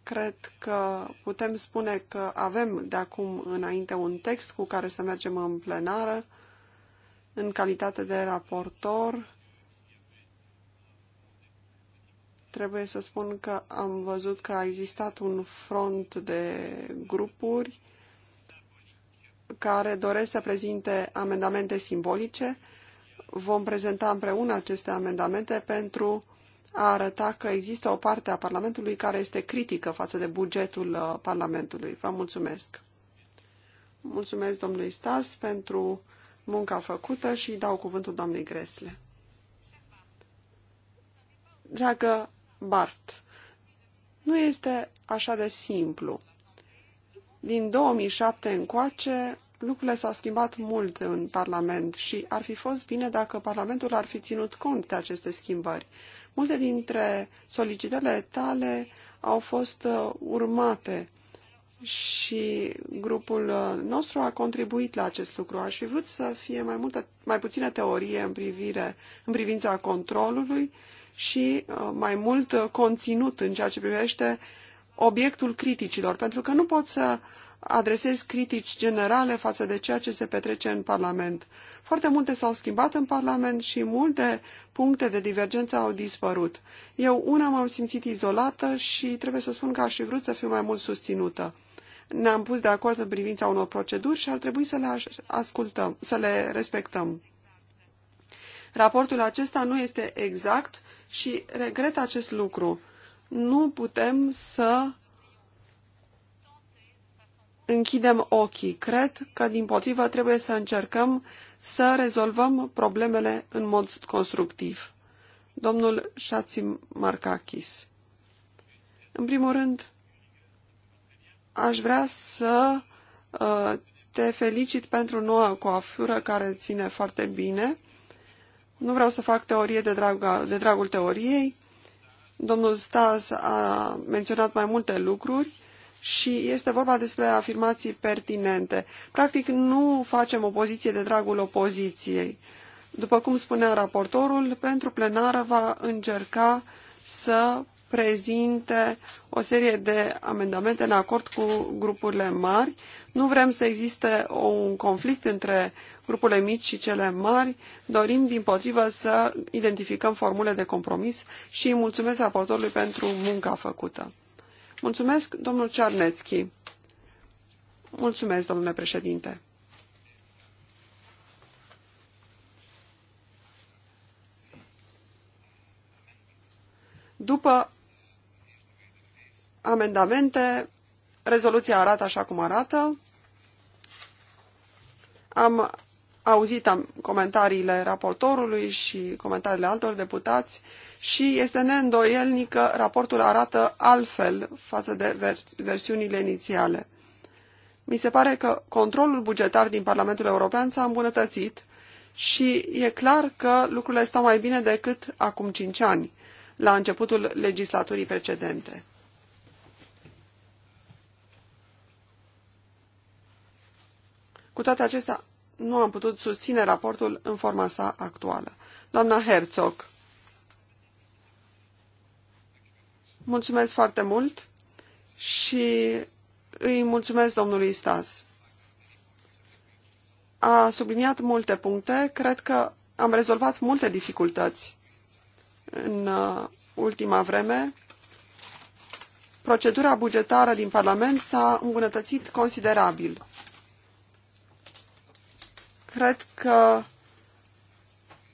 Cred că putem spune că avem de acum înainte un text cu care să mergem în plenară în calitate de raportor. Trebuie să spun că am văzut că a existat un front de grupuri care doresc să prezinte amendamente simbolice. Vom prezenta împreună aceste amendamente pentru a arăta că există o parte a Parlamentului care este critică față de bugetul uh, Parlamentului. Vă mulțumesc! Mulțumesc domnului Stas pentru munca făcută și dau cuvântul doamnei Gresle. Dragă Bart, nu este așa de simplu. Din 2007 încoace, lucrurile s-au schimbat mult în Parlament și ar fi fost bine dacă Parlamentul ar fi ținut cont de aceste schimbări. Multe dintre solicitările tale au fost uh, urmate și grupul uh, nostru a contribuit la acest lucru. Aș fi vrut să fie mai, multă, mai puțină teorie în, privire, în privința controlului și uh, mai mult conținut în ceea ce privește uh, obiectul criticilor, pentru că nu pot să adresez critici generale față de ceea ce se petrece în Parlament. Foarte multe s-au schimbat în Parlament și multe puncte de divergență au dispărut. Eu una m-am simțit izolată și trebuie să spun că aș fi vrut să fiu mai mult susținută. Ne-am pus de acord în privința unor proceduri și ar trebui să le ascultăm, să le respectăm. Raportul acesta nu este exact și regret acest lucru nu putem să închidem ochii. Cred că, din potrivă, trebuie să încercăm să rezolvăm problemele în mod constructiv. Domnul Șațim Marcachis. În primul rând, aș vrea să uh, te felicit pentru noua coafură care ține foarte bine. Nu vreau să fac teorie de, dragul, de dragul teoriei, Domnul Stas a menționat mai multe lucruri și este vorba despre afirmații pertinente. Practic, nu facem opoziție de dragul opoziției. După cum spunea raportorul, pentru plenară va încerca să prezinte o serie de amendamente în acord cu grupurile mari. Nu vrem să existe un conflict între grupurile mici și cele mari, dorim din potrivă să identificăm formule de compromis și îi mulțumesc raportorului pentru munca făcută. Mulțumesc, domnul Cearnețchi. Mulțumesc, domnule președinte. După amendamente, rezoluția arată așa cum arată. Am auzit comentariile raportorului și comentariile altor deputați și este neîndoielnic că raportul arată altfel față de vers versiunile inițiale. Mi se pare că controlul bugetar din Parlamentul European s-a îmbunătățit și e clar că lucrurile stau mai bine decât acum cinci ani, la începutul legislaturii precedente. Cu toate acestea, nu am putut susține raportul în forma sa actuală. Doamna Herzog. Mulțumesc foarte mult și îi mulțumesc domnului Stas. A subliniat multe puncte, cred că am rezolvat multe dificultăți în uh, ultima vreme. Procedura bugetară din Parlament s-a îmbunătățit considerabil. Cred că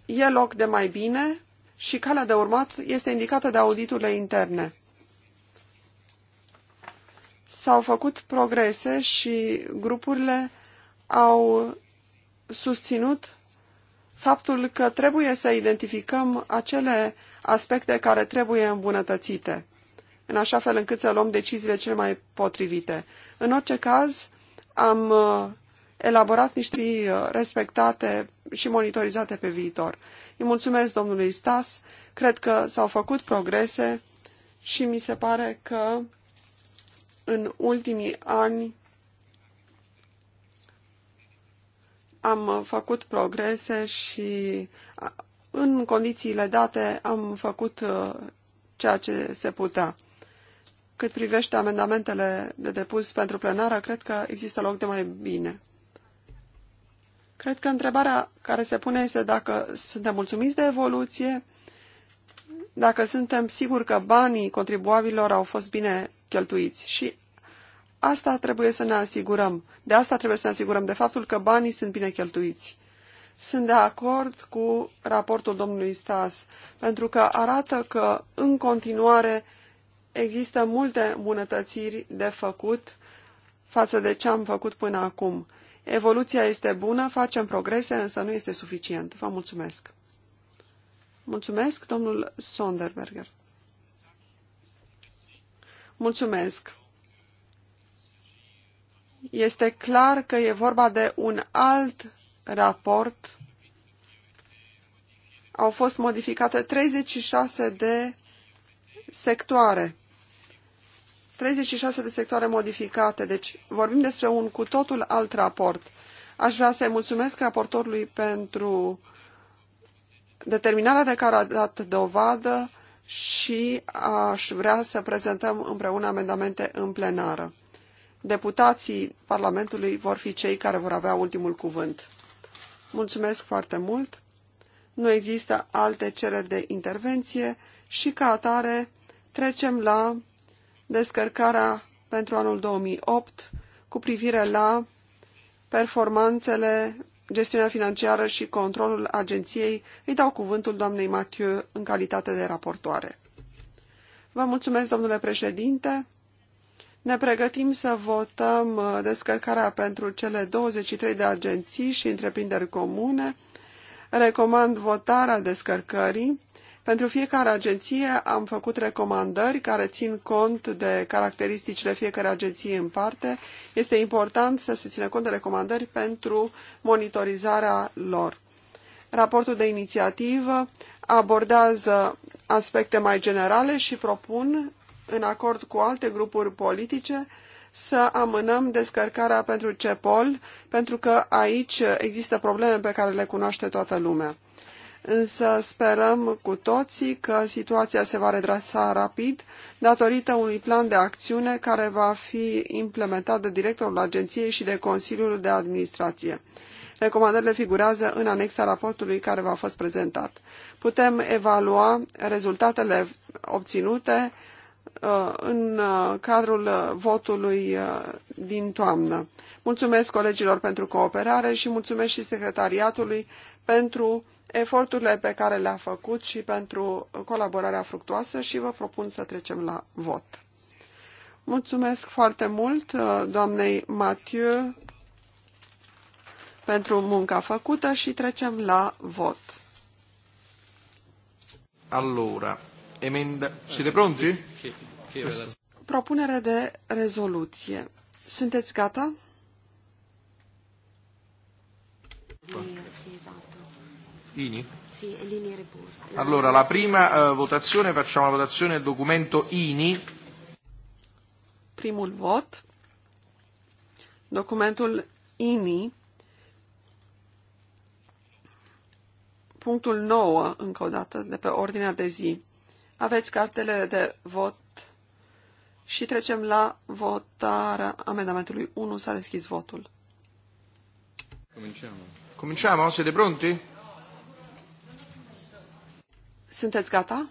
e loc de mai bine și calea de urmat este indicată de auditurile interne. S-au făcut progrese și grupurile au susținut faptul că trebuie să identificăm acele aspecte care trebuie îmbunătățite, în așa fel încât să luăm deciziile cele mai potrivite. În orice caz, am uh, elaborat niște uh, respectate și monitorizate pe viitor. Îi mulțumesc domnului Stas, cred că s-au făcut progrese și mi se pare că în ultimii ani am făcut progrese și în condițiile date am făcut uh, ceea ce se putea. Cât privește amendamentele de depus pentru plenară, cred că există loc de mai bine. Cred că întrebarea care se pune este dacă suntem mulțumiți de evoluție, dacă suntem siguri că banii contribuabilor au fost bine cheltuiți și asta trebuie să ne asigurăm. De asta trebuie să ne asigurăm de faptul că banii sunt bine cheltuiți. Sunt de acord cu raportul domnului Stas, pentru că arată că în continuare există multe îmbunătățiri de făcut față de ce am făcut până acum. Evoluția este bună, facem progrese, însă nu este suficient. Vă mulțumesc. Mulțumesc, domnul Sonderberger. Mulțumesc. Este clar că e vorba de un alt raport. Au fost modificate 36 de sectoare. 36 de sectoare modificate, deci vorbim despre un cu totul alt raport. Aș vrea să-i mulțumesc raportorului pentru determinarea de care a dat dovadă și aș vrea să prezentăm împreună amendamente în plenară. Deputații Parlamentului vor fi cei care vor avea ultimul cuvânt. Mulțumesc foarte mult! Nu există alte cereri de intervenție și ca atare trecem la descărcarea pentru anul 2008 cu privire la performanțele, gestiunea financiară și controlul agenției, îi dau cuvântul doamnei Mathieu în calitate de raportoare. Vă mulțumesc, domnule președinte. Ne pregătim să votăm uh, descărcarea pentru cele 23 de agenții și întreprinderi comune. Recomand votarea descărcării. Pentru fiecare agenție am făcut recomandări care țin cont de caracteristicile fiecare agenție în parte. Este important să se țină cont de recomandări pentru monitorizarea lor. Raportul de inițiativă abordează aspecte mai generale și propun, în acord cu alte grupuri politice, să amânăm descărcarea pentru CEPOL, pentru că aici există probleme pe care le cunoaște toată lumea însă sperăm cu toții că situația se va redresa rapid datorită unui plan de acțiune care va fi implementat de directorul agenției și de Consiliul de Administrație. Recomandările figurează în anexa raportului care v-a fost prezentat. Putem evalua rezultatele obținute uh, în uh, cadrul votului uh, din toamnă. Mulțumesc colegilor pentru cooperare și mulțumesc și secretariatului pentru eforturile pe care le-a făcut și pentru colaborarea fructuoasă și vă propun să trecem la vot. Mulțumesc foarte mult uh, doamnei Mathieu pentru munca făcută și trecem la vot. Allora, emenda... Siete pronti? Propunere de rezoluție. Sunteți gata? Sì, esatto. Lini? Sì, Lini Report. Allora, la prima eh, votazione, facciamo la votazione del documento INI. Primul vot. Documentul INI. Punctul 9, încă o dată, de pe ordinea de zi. Aveți cartelele de vot și trecem la votarea amendamentului 1. S-a deschis votul. Cominciamo. Cominciamo? Siete pronti? Sunteți gata?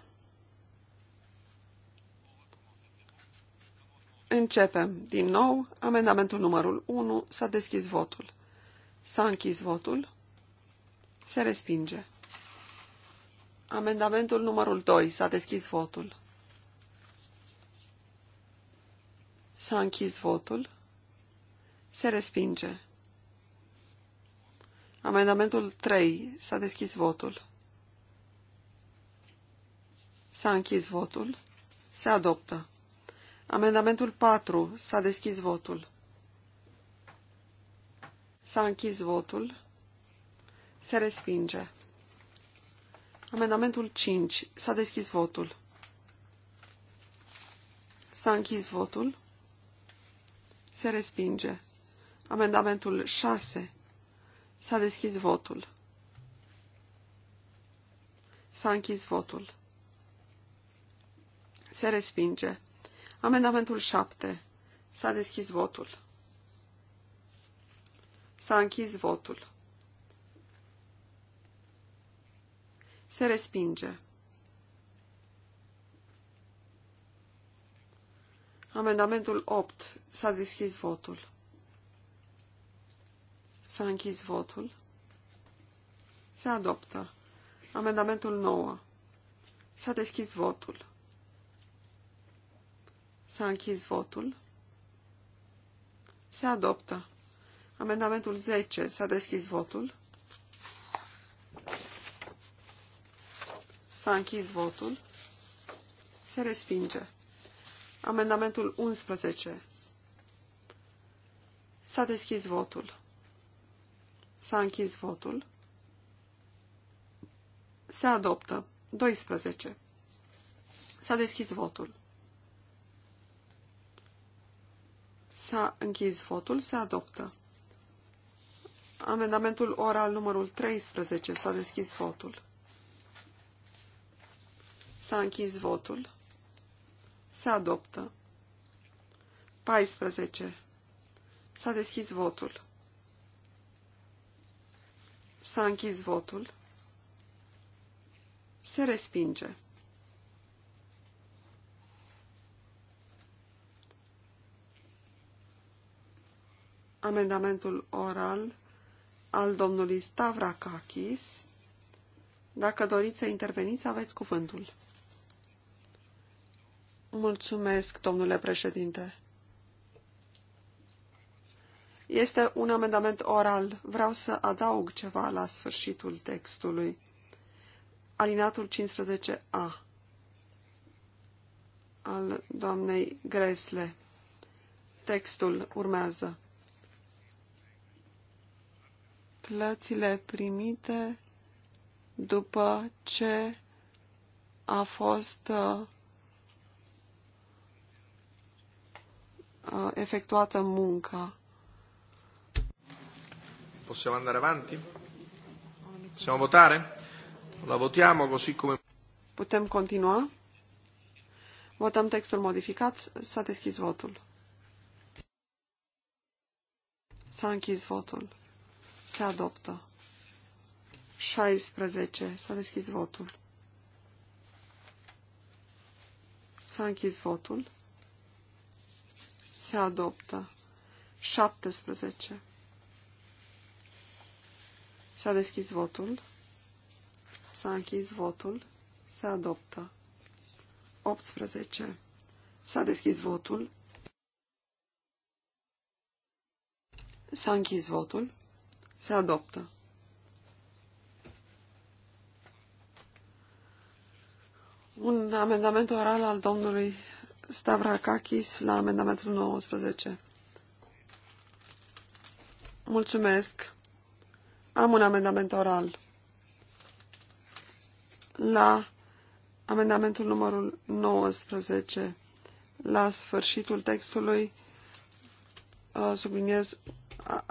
Începem din nou. Amendamentul numărul 1. S-a deschis votul. S-a închis votul. Se respinge. Amendamentul numărul 2. S-a deschis votul. S-a închis votul. Se respinge. Amendamentul 3. S-a deschis votul. S-a închis votul. Se adoptă. Amendamentul 4. S-a deschis votul. S-a închis votul. Se respinge. Amendamentul 5. S-a deschis votul. S-a închis votul. Se respinge. Amendamentul 6. S-a deschis votul. S-a închis votul. Se respinge. Amendamentul 7. S-a deschis votul. S-a închis votul. Se respinge. Amendamentul 8. S-a deschis votul. S-a închis votul. Se adoptă. Amendamentul 9. S-a deschis votul. S-a închis votul. Se adoptă. Amendamentul 10. S-a deschis votul. S-a închis votul. Se respinge. Amendamentul 11. S-a deschis votul. S-a închis votul. Se adoptă. 12. S-a deschis votul. S-a închis votul, se adoptă. Amendamentul oral numărul 13. S-a deschis votul. S-a închis votul. Se adoptă. 14. S-a deschis votul. S-a închis votul. Se respinge. amendamentul oral al domnului Stavrakakis. Dacă doriți să interveniți, aveți cuvântul. Mulțumesc, domnule președinte. Este un amendament oral. Vreau să adaug ceva la sfârșitul textului. Alinatul 15a al doamnei Gresle. Textul urmează plățile primite după ce a fost uh, uh, efectuată munca. Possiamo andare avanti? Possiamo votare? La votiamo così come... Putem continua? Votăm textul modificat. S-a deschis votul. S-a închis votul. Se adoptă. 16. S-a deschis votul. S-a închis votul. Se adoptă. 17. S-a deschis votul. S-a închis votul. Se adoptă. 18. S-a deschis votul. S-a închis votul. Se adoptă. Un amendament oral al domnului Stavrakakis la amendamentul 19. Mulțumesc. Am un amendament oral. La amendamentul numărul 19, la sfârșitul textului, uh, subliniez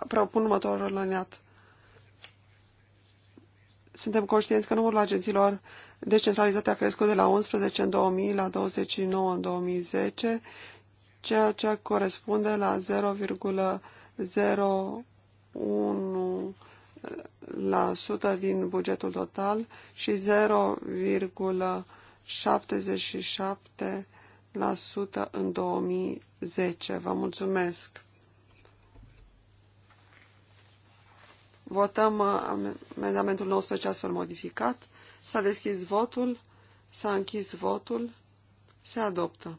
propun următorul lăniat. Suntem conștienți că numărul agențiilor decentralizate a crescut de la 11 în 2000 la 29 în 2010, ceea ce corespunde la 0,01 sută din bugetul total și 0,77% în 2010. Vă mulțumesc! Votăm uh, amendamentul 19 astfel modificat. S-a deschis votul. S-a închis votul. Se adoptă.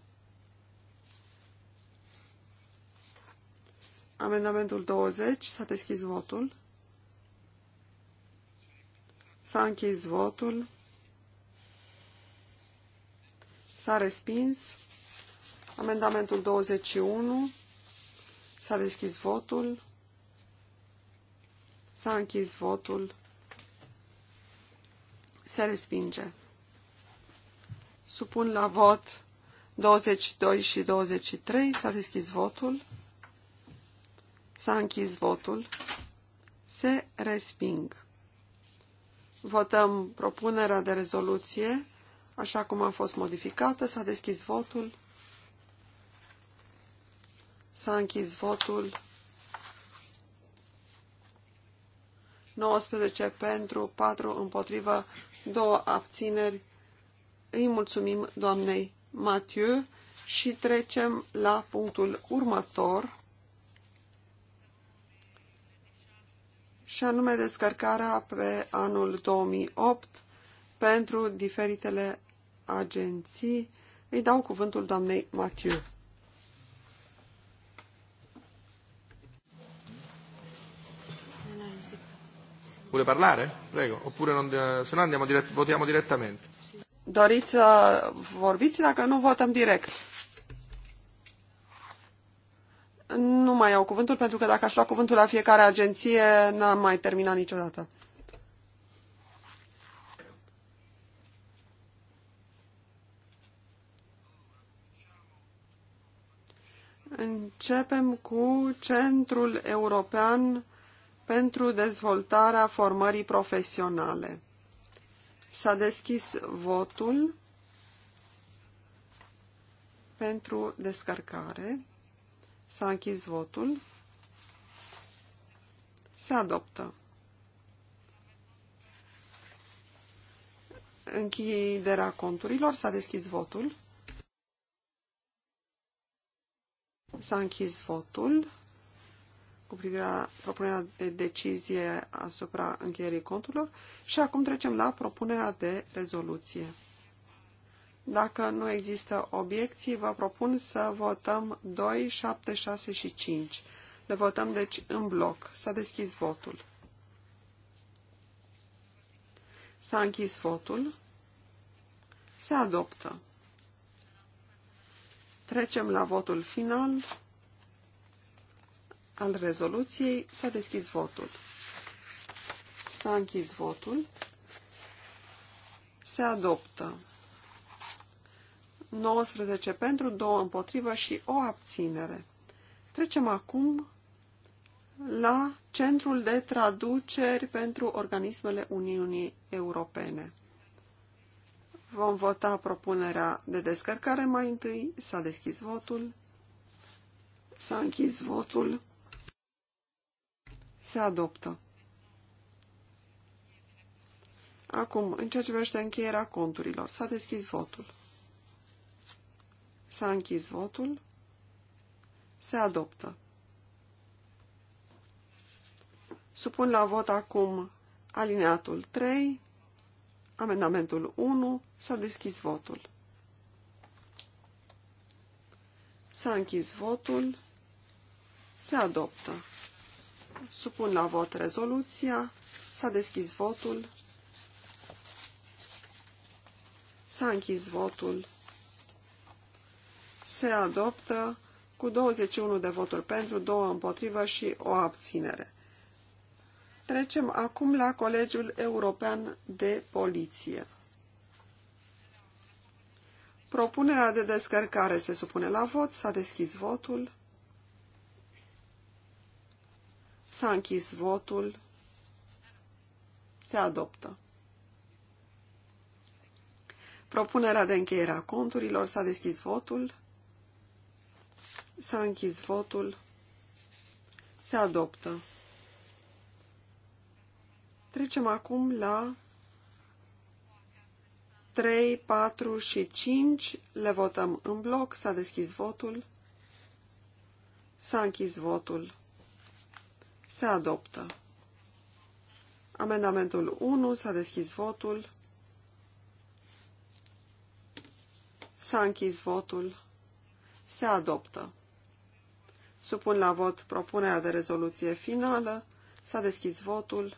Amendamentul 20. S-a deschis votul. S-a închis votul. S-a respins. Amendamentul 21. S-a deschis votul. S-a închis votul. Se respinge. Supun la vot 22 și 23. S-a deschis votul. S-a închis votul. Se resping. Votăm propunerea de rezoluție, așa cum a fost modificată. S-a deschis votul. S-a închis votul. 19 pentru, 4 împotrivă, 2 abțineri. Îi mulțumim doamnei Mathieu și trecem la punctul următor și anume descărcarea pe anul 2008 pentru diferitele agenții. Îi dau cuvântul doamnei Mathieu. Vuole parlare? Prego. Oppure non, se no andiamo dirett- votiamo direttamente. Doriți să vorbiți dacă nu votăm direct? Nu mai iau cuvântul, pentru că dacă aș lua cuvântul la fiecare agenție, n-am mai terminat niciodată. Începem cu Centrul European pentru dezvoltarea formării profesionale. S-a deschis votul pentru descărcare. S-a închis votul. Se adoptă. Închiderea conturilor. S-a deschis votul. S-a închis votul cu privire la propunerea de decizie asupra încheierii conturilor și acum trecem la propunerea de rezoluție. Dacă nu există obiecții, vă propun să votăm 2, 7, 6 și 5. Le votăm deci în bloc. S-a deschis votul. S-a închis votul. Se adoptă. Trecem la votul final al rezoluției. S-a deschis votul. S-a închis votul. Se adoptă. 19 pentru, 2 împotrivă și o abținere. Trecem acum la Centrul de Traduceri pentru Organismele Uniunii Europene. Vom vota propunerea de descărcare mai întâi. S-a deschis votul. S-a închis votul se adoptă. Acum, în ceea ce privește încheierea conturilor, s-a deschis votul. S-a închis votul. Se adoptă. Supun la vot acum alineatul 3, amendamentul 1, s-a deschis votul. S-a închis votul. Se adoptă supun la vot rezoluția. S-a deschis votul. S-a închis votul. Se adoptă cu 21 de voturi pentru, 2 împotrivă și o abținere. Trecem acum la Colegiul European de Poliție. Propunerea de descărcare se supune la vot. S-a deschis votul. S-a închis votul. Se adoptă. Propunerea de încheiere a conturilor. S-a deschis votul. S-a închis votul. Se adoptă. Trecem acum la 3, 4 și 5. Le votăm în bloc. S-a deschis votul. S-a închis votul. Se adoptă. Amendamentul 1. S-a deschis votul. S-a închis votul. Se adoptă. Supun la vot propunerea de rezoluție finală. S-a deschis votul.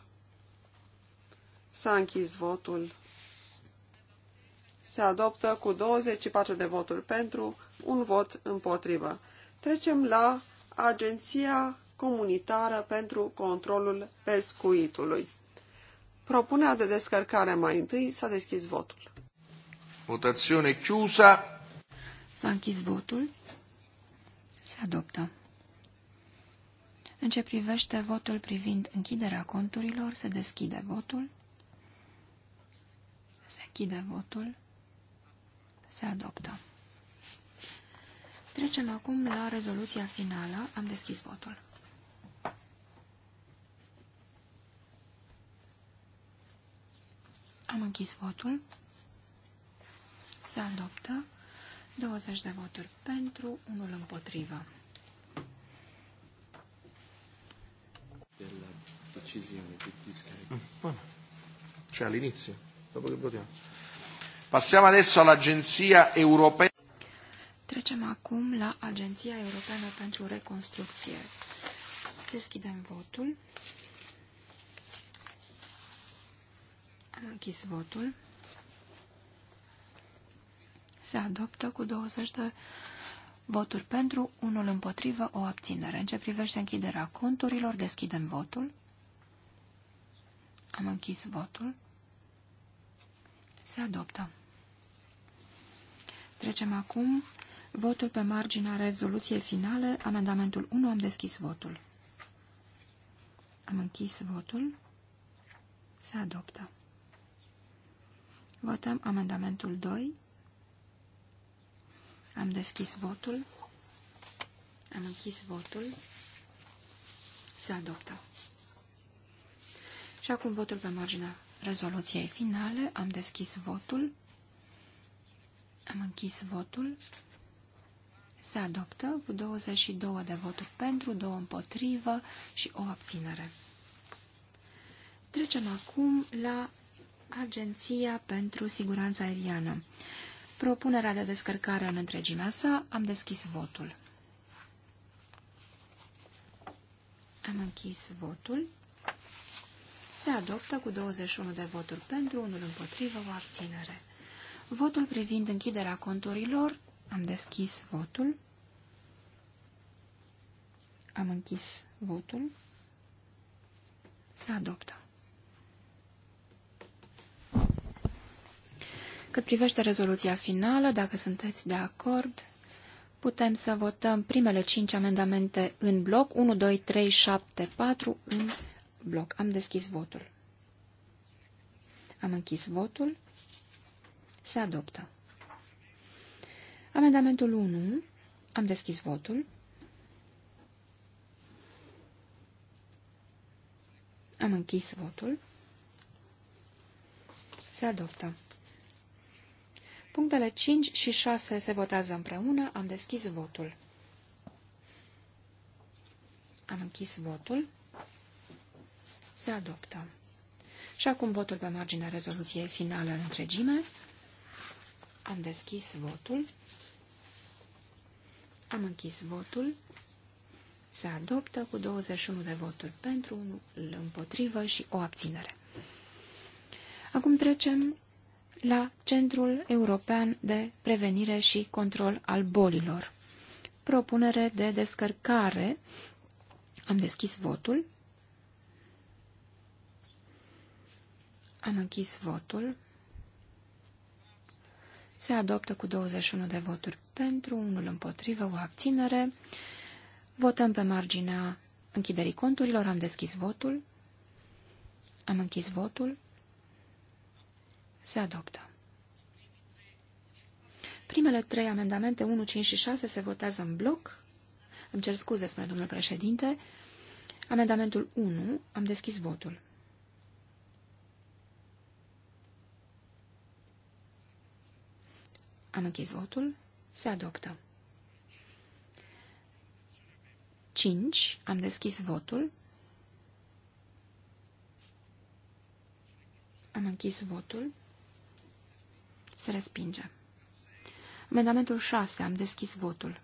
S-a închis votul. Se adoptă cu 24 de voturi pentru, un vot împotrivă. Trecem la Agenția comunitară pentru controlul pescuitului. Propunerea de descărcare mai întâi s-a deschis votul. Votațiune chiusa. S-a închis votul. Se adoptă. În ce privește votul privind închiderea conturilor, se deschide votul. Se închide votul. Se adoptă. Trecem acum la rezoluția finală. Am deschis votul. Am închis votul. Se adoptă 20 de voturi pentru, unul împotrivă. Della decisione di discarica. Mm, Buono. Cioè all'inizio, dopo che votiamo. Passiamo adesso all'Agenzia Europea. Trecem acum la Agenția Europeană pentru Reconstrucție. Deschidem votul. închis votul. Se adoptă cu 20 de voturi pentru, unul împotrivă, o abținere. În ce privește închiderea conturilor, deschidem votul. Am închis votul. Se adoptă. Trecem acum votul pe marginea rezoluției finale, amendamentul 1, am deschis votul. Am închis votul. Se adoptă. Votăm amendamentul 2. Am deschis votul. Am închis votul. Se adoptă. Și acum votul pe marginea rezoluției finale. Am deschis votul. Am închis votul. Se adoptă cu 22 de voturi pentru, 2 împotrivă și o abținere. Trecem acum la Agenția pentru Siguranța Aeriană. Propunerea de descărcare în întregimea sa, am deschis votul. Am închis votul. Se adoptă cu 21 de voturi pentru, unul împotrivă, o abținere. Votul privind închiderea conturilor, am deschis votul. Am închis votul. Se adoptă. Cât privește rezoluția finală, dacă sunteți de acord, putem să votăm primele cinci amendamente în bloc, 1, 2, 3, 7, 4 în bloc. Am deschis votul. Am închis votul. Se adoptă. Amendamentul 1. Am deschis votul. Am închis votul. Se adoptă. Punctele 5 și 6 se votează împreună. Am deschis votul. Am închis votul. Se adoptă. Și acum votul pe marginea rezoluției finale în întregime. Am deschis votul. Am închis votul. Se adoptă cu 21 de voturi pentru, 1 împotrivă și o abținere. Acum trecem la Centrul European de Prevenire și Control al Bolilor. Propunere de descărcare. Am deschis votul. Am închis votul. Se adoptă cu 21 de voturi pentru, unul împotrivă, o abținere. Votăm pe marginea închiderii conturilor. Am deschis votul. Am închis votul. Se adoptă. Primele trei amendamente, 1, 5 și 6, se votează în bloc. Îmi cer scuze, spune domnul președinte. Amendamentul 1, am deschis votul. Am închis votul. Se adoptă. 5. Am deschis votul. Am închis votul. Se respinge. Amendamentul 6. Am deschis votul.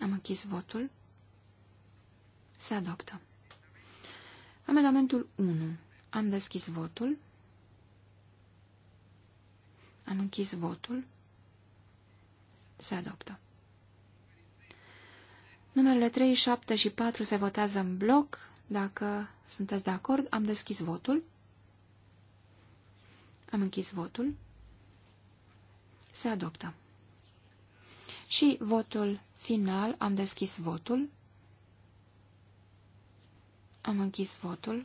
Am închis votul. Se adoptă. Amendamentul 1. Am deschis votul. Am închis votul. Se adoptă. Numerele 3, 7 și 4 se votează în bloc. Dacă sunteți de acord, am deschis votul. Am închis votul. Se adoptă. Și votul final. Am deschis votul. Am închis votul.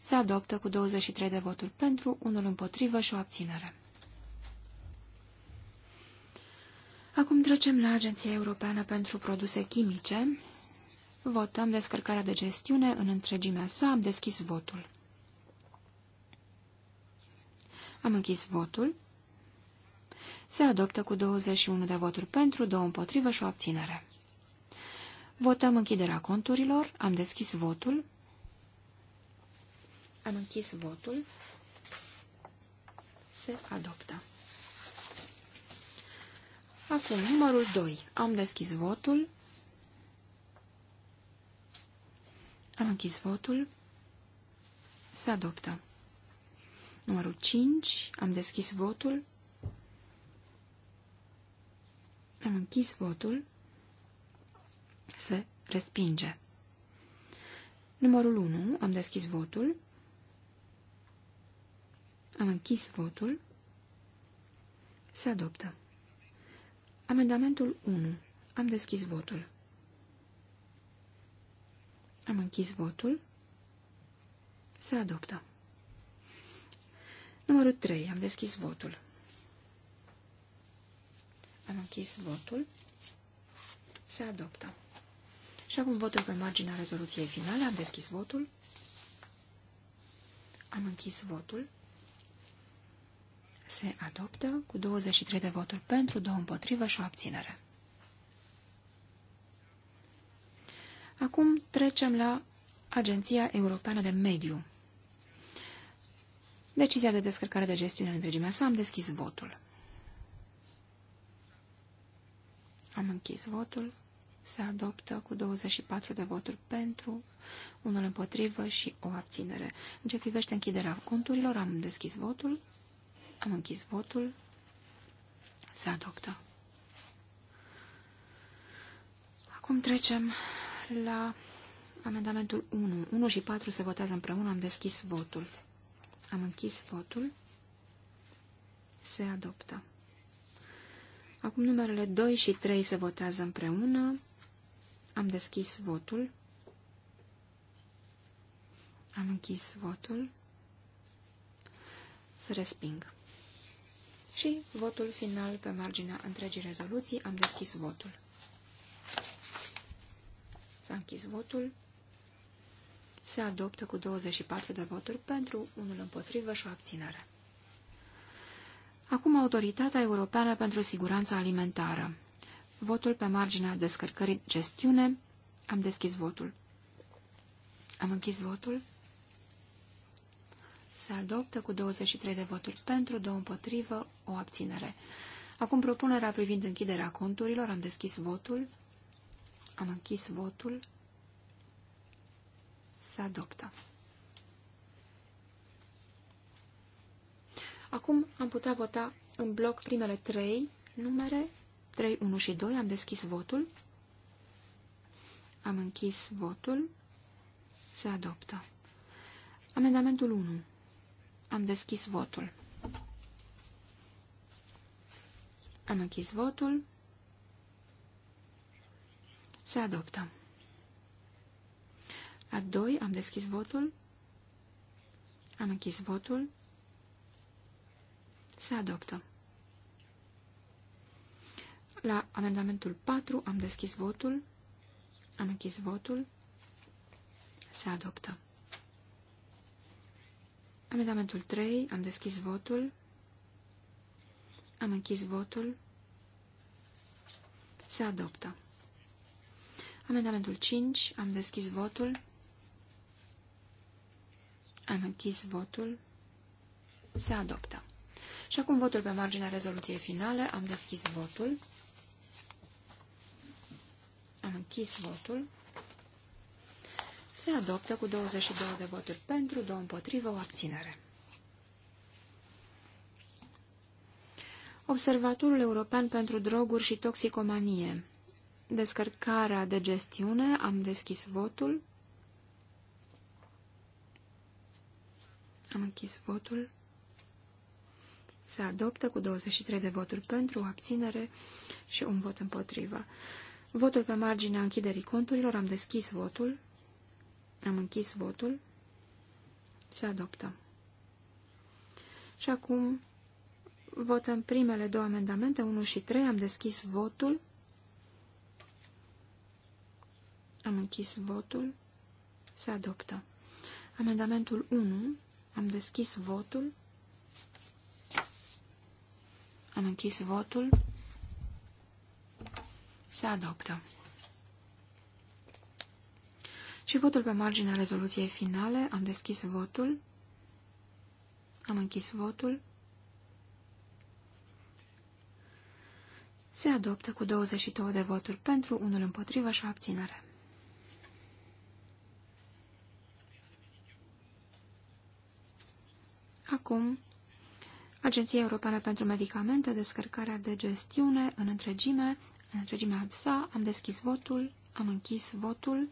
Se adoptă cu 23 de voturi pentru, unul împotrivă și o abținere. Acum trecem la Agenția Europeană pentru Produse Chimice. Votăm descărcarea de gestiune în întregimea sa. Am deschis votul. Am închis votul. Se adoptă cu 21 de voturi pentru, două împotrivă și o abținere. Votăm închiderea conturilor. Am deschis votul. Am închis votul. Se adoptă. Acum, numărul 2. Am deschis votul. Am închis votul. Se adoptă. Numărul 5. Am deschis votul. Am închis votul. Se respinge. Numărul 1. Am deschis votul. Am închis votul. Se adoptă. Amendamentul 1. Am deschis votul. Am închis votul. Se adoptă. Numărul 3. Am deschis votul. Am închis votul. Se adoptă. Și acum votul pe marginea rezoluției finale. Am deschis votul. Am închis votul. Se adoptă cu 23 de voturi pentru, 2 împotrivă și o abținere. Acum trecem la Agenția Europeană de Mediu. Decizia de descărcare de gestiune în întregimea sa. Am deschis votul. Am închis votul. Se adoptă cu 24 de voturi pentru, unul împotrivă și o abținere. În ce privește închiderea conturilor, am deschis votul. Am închis votul. Se adoptă. Acum trecem la amendamentul 1. 1 și 4 se votează împreună. Am deschis votul. Am închis votul. Se adoptă. Acum numerele 2 și 3 se votează împreună. Am deschis votul. Am închis votul. Să resping. Și votul final pe marginea întregii rezoluții. Am deschis votul. S-a închis votul se adoptă cu 24 de voturi pentru, unul împotrivă și o abținere. Acum Autoritatea Europeană pentru Siguranța Alimentară. Votul pe marginea descărcării gestiune. Am deschis votul. Am închis votul. Se adoptă cu 23 de voturi pentru, două împotrivă, o abținere. Acum propunerea privind închiderea conturilor. Am deschis votul. Am închis votul se adoptă. Acum am putea vota în bloc primele trei numere, 3, 1 și 2. Am deschis votul. Am închis votul. Se adoptă. Amendamentul 1. Am deschis votul. Am închis votul. Se adoptă. A 2, am deschis votul. Am închis votul. Se adoptă. La amendamentul 4 am deschis votul. Am închis votul. Se adoptă. Amendamentul 3. Am deschis votul. Am închis votul. Se adoptă. Amendamentul 5. Am deschis votul. Am închis votul. Se adoptă. Și acum votul pe marginea rezoluției finale. Am deschis votul. Am închis votul. Se adoptă cu 22 de voturi pentru, 2 împotrivă, o abținere. Observatorul European pentru Droguri și Toxicomanie. Descărcarea de gestiune. Am deschis votul. Am închis votul. Se adoptă cu 23 de voturi pentru, o abținere și un vot împotriva. Votul pe marginea închiderii conturilor. Am deschis votul. Am închis votul. Se adoptă. Și acum votăm primele două amendamente, 1 și 3. Am deschis votul. Am închis votul. Se adoptă. Amendamentul 1. Am deschis votul. Am închis votul. Se adoptă. Și votul pe marginea rezoluției finale. Am deschis votul. Am închis votul. Se adoptă cu 22 de voturi pentru, unul împotrivă și abținere. Acum, Agenția Europeană pentru Medicamente, descărcarea de gestiune în întregime, în întregimea sa, am deschis votul, am închis votul,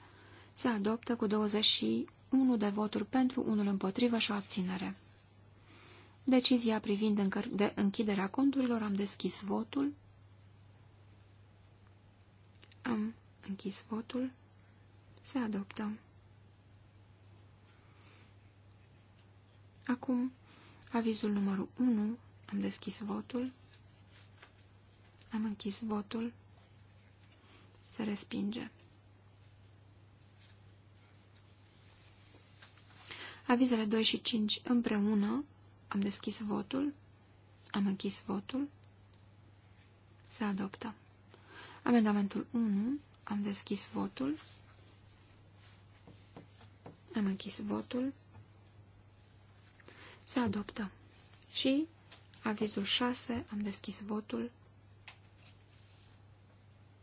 se adoptă cu 21 de voturi pentru, unul împotrivă și o abținere. Decizia privind de închiderea conturilor, am deschis votul, am închis votul, se adoptă. Acum, Avizul numărul 1. Am deschis votul. Am închis votul. Se respinge. Avizele 2 și 5 împreună. Am deschis votul. Am închis votul. Se adoptă. Amendamentul 1. Am deschis votul. Am închis votul. Se adoptă. Și avizul 6, am deschis votul.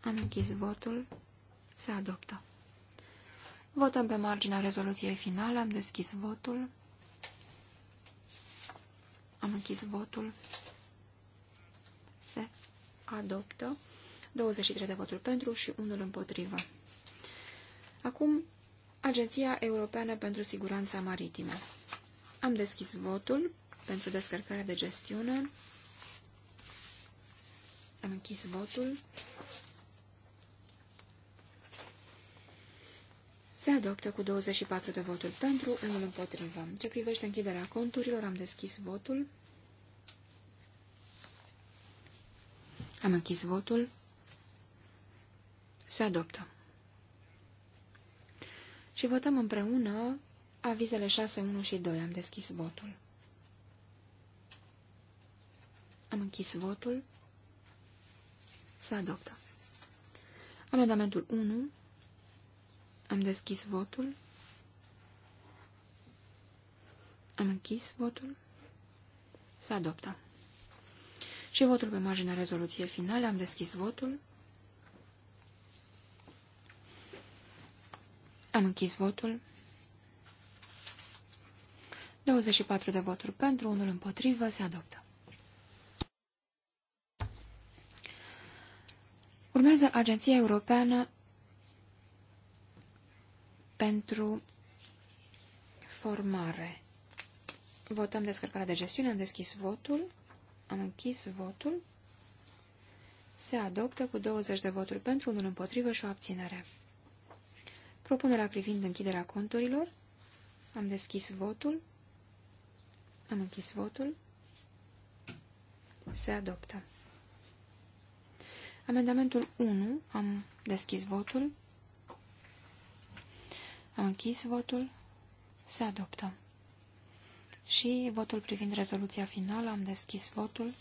Am închis votul. Se adoptă. Votăm pe marginea rezoluției finale. Am deschis votul. Am închis votul. Se adoptă. 23 de voturi pentru și unul împotrivă. Acum, Agenția Europeană pentru Siguranța Maritimă. Am deschis votul pentru descărcarea de gestiune. Am închis votul. Se adoptă cu 24 de voturi pentru, 1 împotrivă. Ce privește închiderea conturilor, am deschis votul. Am închis votul. Se adoptă. Și votăm împreună Avizele 6, 1 și 2. Am deschis votul. Am închis votul. Să adoptă. Amendamentul 1. Am deschis votul. Am închis votul. Să adoptă. Și votul pe marginea rezoluției finale. Am deschis votul. Am închis votul. 24 de voturi pentru, unul împotrivă, se adoptă. Urmează Agenția Europeană pentru formare. Votăm descărcarea de gestiune, am deschis votul, am închis votul. Se adoptă cu 20 de voturi pentru, unul împotrivă și o abținere. Propunerea privind închiderea conturilor. Am deschis votul. Am închis votul. Se adoptă. Amendamentul 1. Am deschis votul. Am închis votul. Se adoptă. Și votul privind rezoluția finală. Am deschis votul.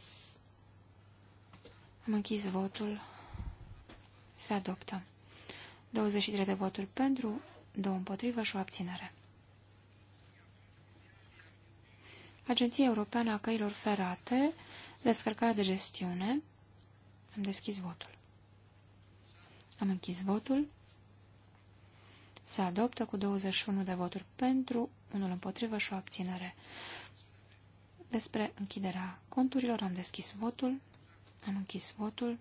Am închis votul. Se adoptă. 23 de voturi pentru, 2 împotrivă și o abținere. Agenția Europeană a Căilor Ferate, descărcare de gestiune. Am deschis votul. Am închis votul. Se adoptă cu 21 de voturi pentru, unul împotrivă și o abținere. Despre închiderea conturilor am deschis votul. Am închis votul.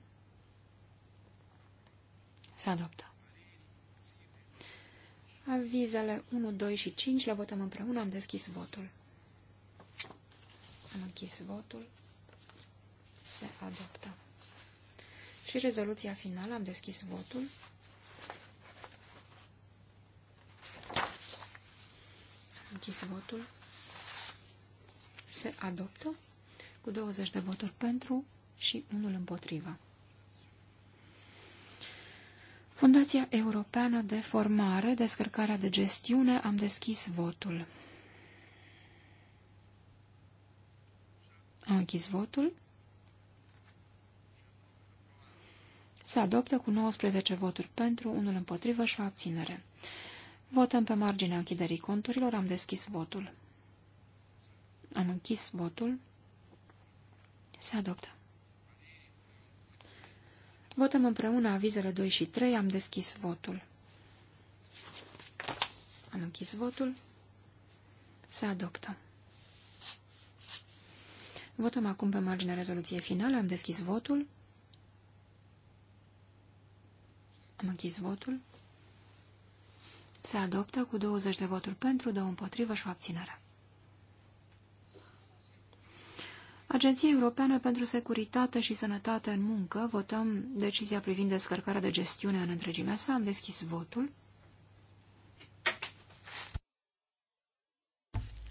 Se adoptă. Avizele 1, 2 și 5 le votăm împreună. Am deschis votul. Am închis votul. Se adoptă. Și rezoluția finală. Am deschis votul. Am închis votul. Se adoptă cu 20 de voturi pentru și unul împotriva. Fundația Europeană de Formare, Descărcarea de Gestiune, am deschis votul. Am închis votul. Se adoptă cu 19 voturi pentru, unul împotrivă și o abținere. Votăm pe marginea închiderii conturilor. Am deschis votul. Am închis votul. Se adoptă. Votăm împreună avizele 2 și 3. Am deschis votul. Am închis votul. Se adoptă. Votăm acum pe marginea rezoluției finale. Am deschis votul. Am închis votul. Se adoptă cu 20 de voturi pentru, 2 împotrivă și o abținere. Agenția Europeană pentru Securitate și Sănătate în Muncă, votăm decizia privind descărcarea de gestiune în întregimea sa. Am deschis votul.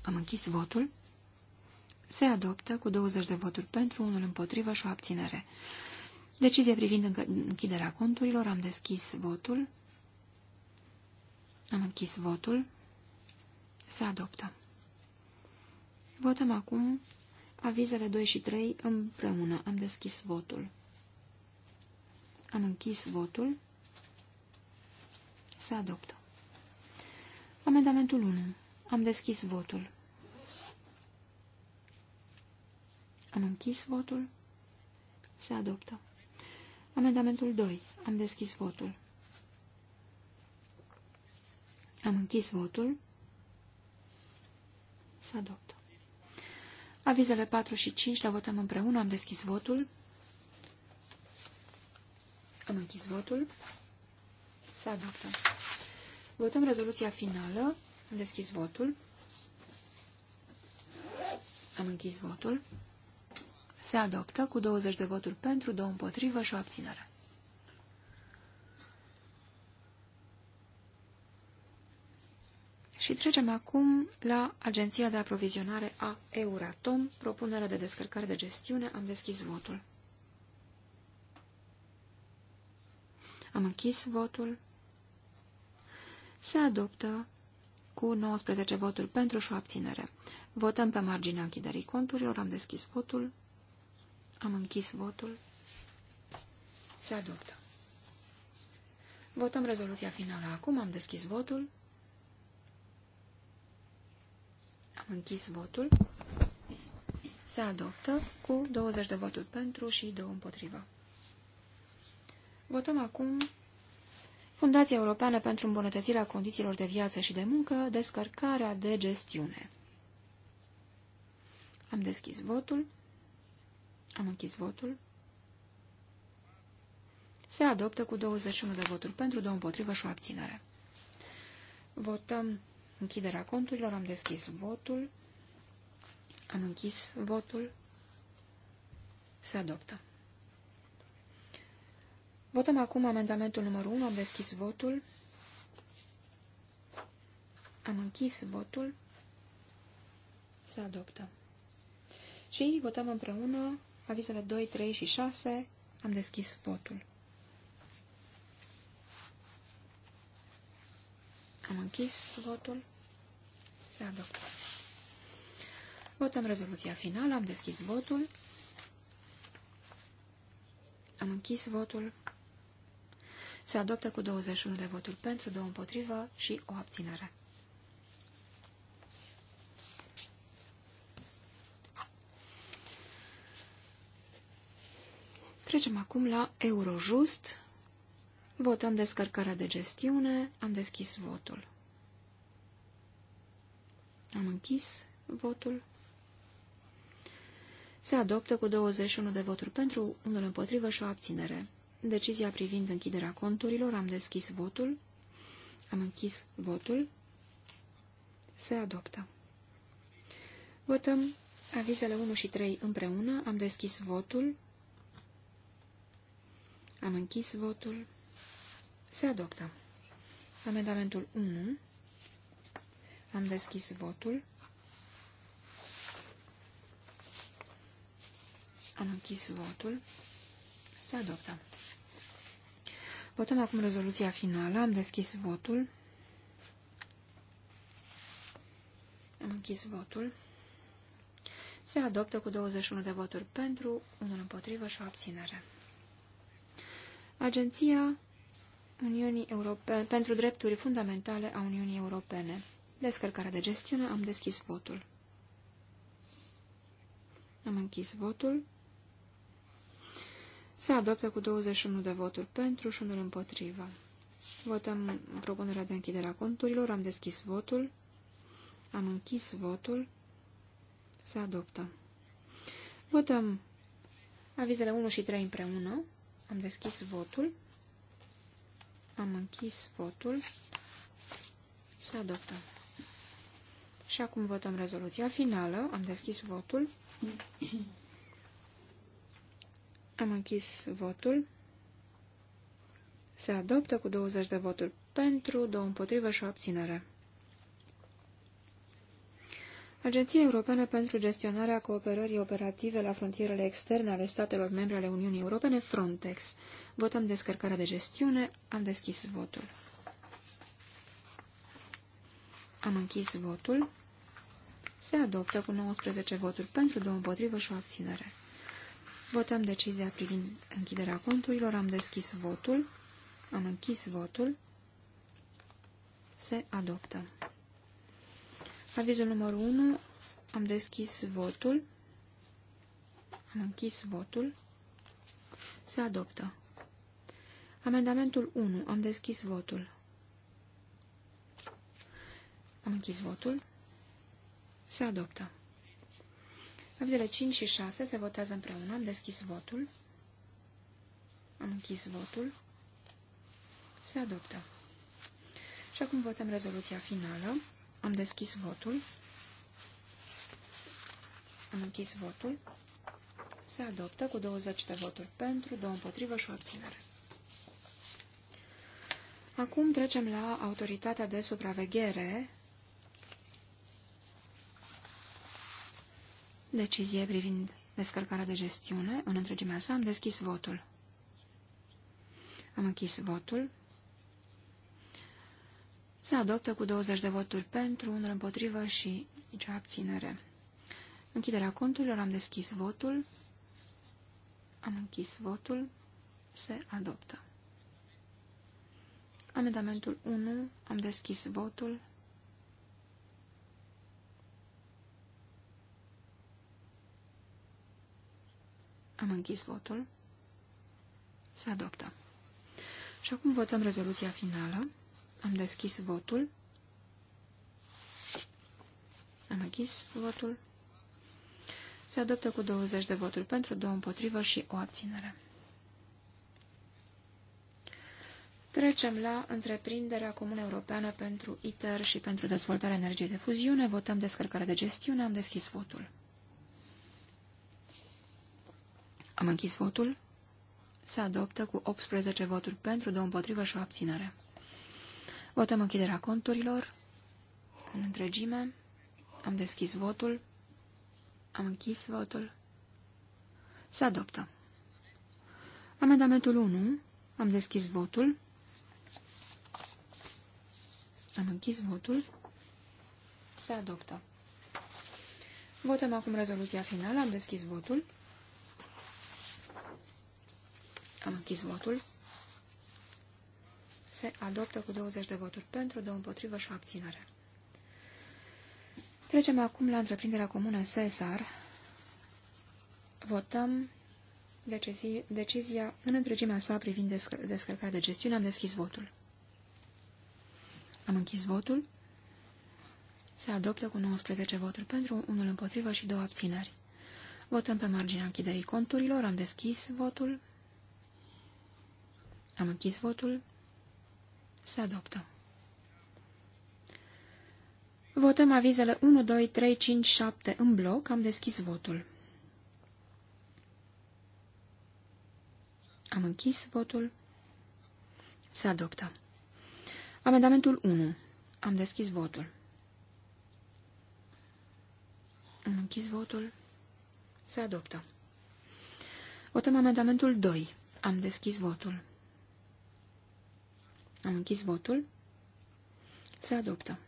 Am închis votul se adoptă cu 20 de voturi pentru, unul împotrivă și o abținere. Decizie privind închiderea conturilor, am deschis votul, am închis votul, se adoptă. Votăm acum avizele 2 și 3 împreună. Am deschis votul. Am închis votul. Se adoptă. Amendamentul 1. Am deschis votul. Am închis votul. Se adoptă. Amendamentul 2. Am deschis votul. Am închis votul. Se adoptă. Avizele 4 și 5 le votăm împreună. Am deschis votul. Am închis votul. Se adoptă. Votăm rezoluția finală. Am deschis votul. Am închis votul se adoptă cu 20 de voturi pentru, două împotrivă și o abținere. Și trecem acum la Agenția de Aprovizionare a Euratom, propunerea de descărcare de gestiune. Am deschis votul. Am închis votul. Se adoptă cu 19 voturi pentru și o abținere. Votăm pe marginea închiderii conturilor. Am deschis votul. Am închis votul. Se adoptă. Votăm rezoluția finală. Acum am deschis votul. Am închis votul. Se adoptă cu 20 de voturi pentru și 2 împotriva. Votăm acum Fundația Europeană pentru îmbunătățirea condițiilor de viață și de muncă, descărcarea de gestiune. Am deschis votul. Am închis votul. Se adoptă cu 21 de voturi pentru, două împotrivă și o abținere. Votăm închiderea conturilor. Am deschis votul. Am închis votul. Se adoptă. Votăm acum amendamentul numărul 1. Am deschis votul. Am închis votul. Se adoptă. Și votăm împreună avizele 2, 3 și 6, am deschis votul. Am închis votul. Se adoptă. Votăm rezoluția finală. Am deschis votul. Am închis votul. Se adoptă cu 21 de voturi pentru, 2 împotrivă și o abținere. Trecem acum la Eurojust. Votăm descărcarea de gestiune. Am deschis votul. Am închis votul. Se adoptă cu 21 de voturi pentru, unul împotrivă și o abținere. Decizia privind închiderea conturilor, am deschis votul. Am închis votul. Se adoptă. Votăm avizele 1 și 3 împreună. Am deschis votul. Am închis votul. Se adoptă. Amendamentul 1. Am deschis votul. Am închis votul. Se adoptă. Votăm acum rezoluția finală. Am deschis votul. Am închis votul. Se adoptă cu 21 de voturi pentru, unul împotrivă și o abținere. Agenția Uniunii Europene, pentru drepturi fundamentale a Uniunii Europene. Descărcarea de gestiune. Am deschis votul. Am închis votul. Se adoptă cu 21 de voturi pentru și unul împotriva. Votăm propunerea de închidere a conturilor. Am deschis votul. Am închis votul. Se adoptă. Votăm avizele 1 și 3 împreună. Am deschis votul. Am închis votul. Se adoptă. Și acum votăm rezoluția finală. Am deschis votul. Am închis votul. Se adoptă cu 20 de voturi pentru, 2 împotrivă și o abținere. Agenția Europeană pentru gestionarea cooperării operative la frontierele externe ale statelor membre ale Uniunii Europene, Frontex. Votăm descărcarea de gestiune. Am deschis votul. Am închis votul. Se adoptă cu 19 voturi pentru, 2 împotrivă și o abținere. Votăm decizia privind închiderea conturilor. Am deschis votul. Am închis votul. Se adoptă. Avizul numărul 1. Am deschis votul. Am închis votul. Se adoptă. Amendamentul 1. Am deschis votul. Am închis votul. Se adoptă. Avizele 5 și 6 se votează împreună. Am deschis votul. Am închis votul. Se adoptă. Și acum votăm rezoluția finală. Am deschis votul. Am închis votul. Se adoptă cu 20 de voturi pentru, 2 împotrivă și o abținere. Acum trecem la autoritatea de supraveghere. Decizie privind descărcarea de gestiune. În întregimea sa am deschis votul. Am închis votul se adoptă cu 20 de voturi pentru, 1 împotrivă și nicio abținere. Închiderea conturilor, am deschis votul, am închis votul, se adoptă. Amendamentul 1, am deschis votul, am închis votul, se adoptă. Și acum votăm rezoluția finală. Am deschis votul. Am închis votul. Se adoptă cu 20 de voturi pentru, 2 împotrivă și o abținere. Trecem la întreprinderea comună europeană pentru ITER și pentru dezvoltarea energiei de fuziune. Votăm descărcarea de gestiune. Am deschis votul. Am închis votul. Se adoptă cu 18 voturi pentru, 2 împotrivă și o abținere. Votăm închiderea conturilor în întregime. Am deschis votul. Am închis votul. Se adoptă. Amendamentul 1. Am deschis votul. Am închis votul. Se adoptă. Votăm acum rezoluția finală. Am deschis votul. Am închis votul se adoptă cu 20 de voturi pentru, două împotrivă și o abținere. Trecem acum la întreprinderea comună Cesar. Votăm decizia, decizia în întregimea sa privind descărcarea de gestiune. Am deschis votul. Am închis votul. Se adoptă cu 19 voturi pentru, unul împotrivă și două abțineri. Votăm pe marginea închiderii conturilor. Am deschis votul. Am închis votul. Se adoptă. Votăm avizele 1, 2, 3, 5, 7 în bloc. Am deschis votul. Am închis votul. Se adoptă. Amendamentul 1. Am deschis votul. Am închis votul. Se adoptă. Votăm amendamentul 2. Am deschis votul. Am închis votul. Se adoptă.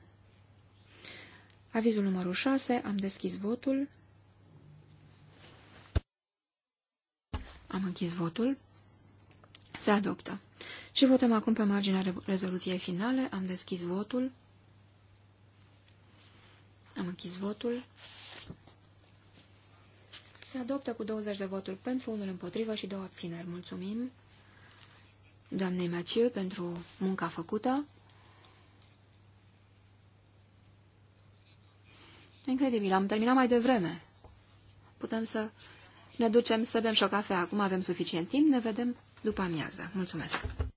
Avizul numărul 6. Am deschis votul. Am închis votul. Se adoptă. Și votăm acum pe marginea rezoluției finale. Am deschis votul. Am închis votul. Se adoptă cu 20 de voturi pentru, unul împotrivă și două abțineri. Mulțumim! doamnei Maciu pentru munca făcută. Incredibil, am terminat mai devreme. Putem să ne ducem să bem și o cafea. Acum avem suficient timp, ne vedem după amiază. Mulțumesc!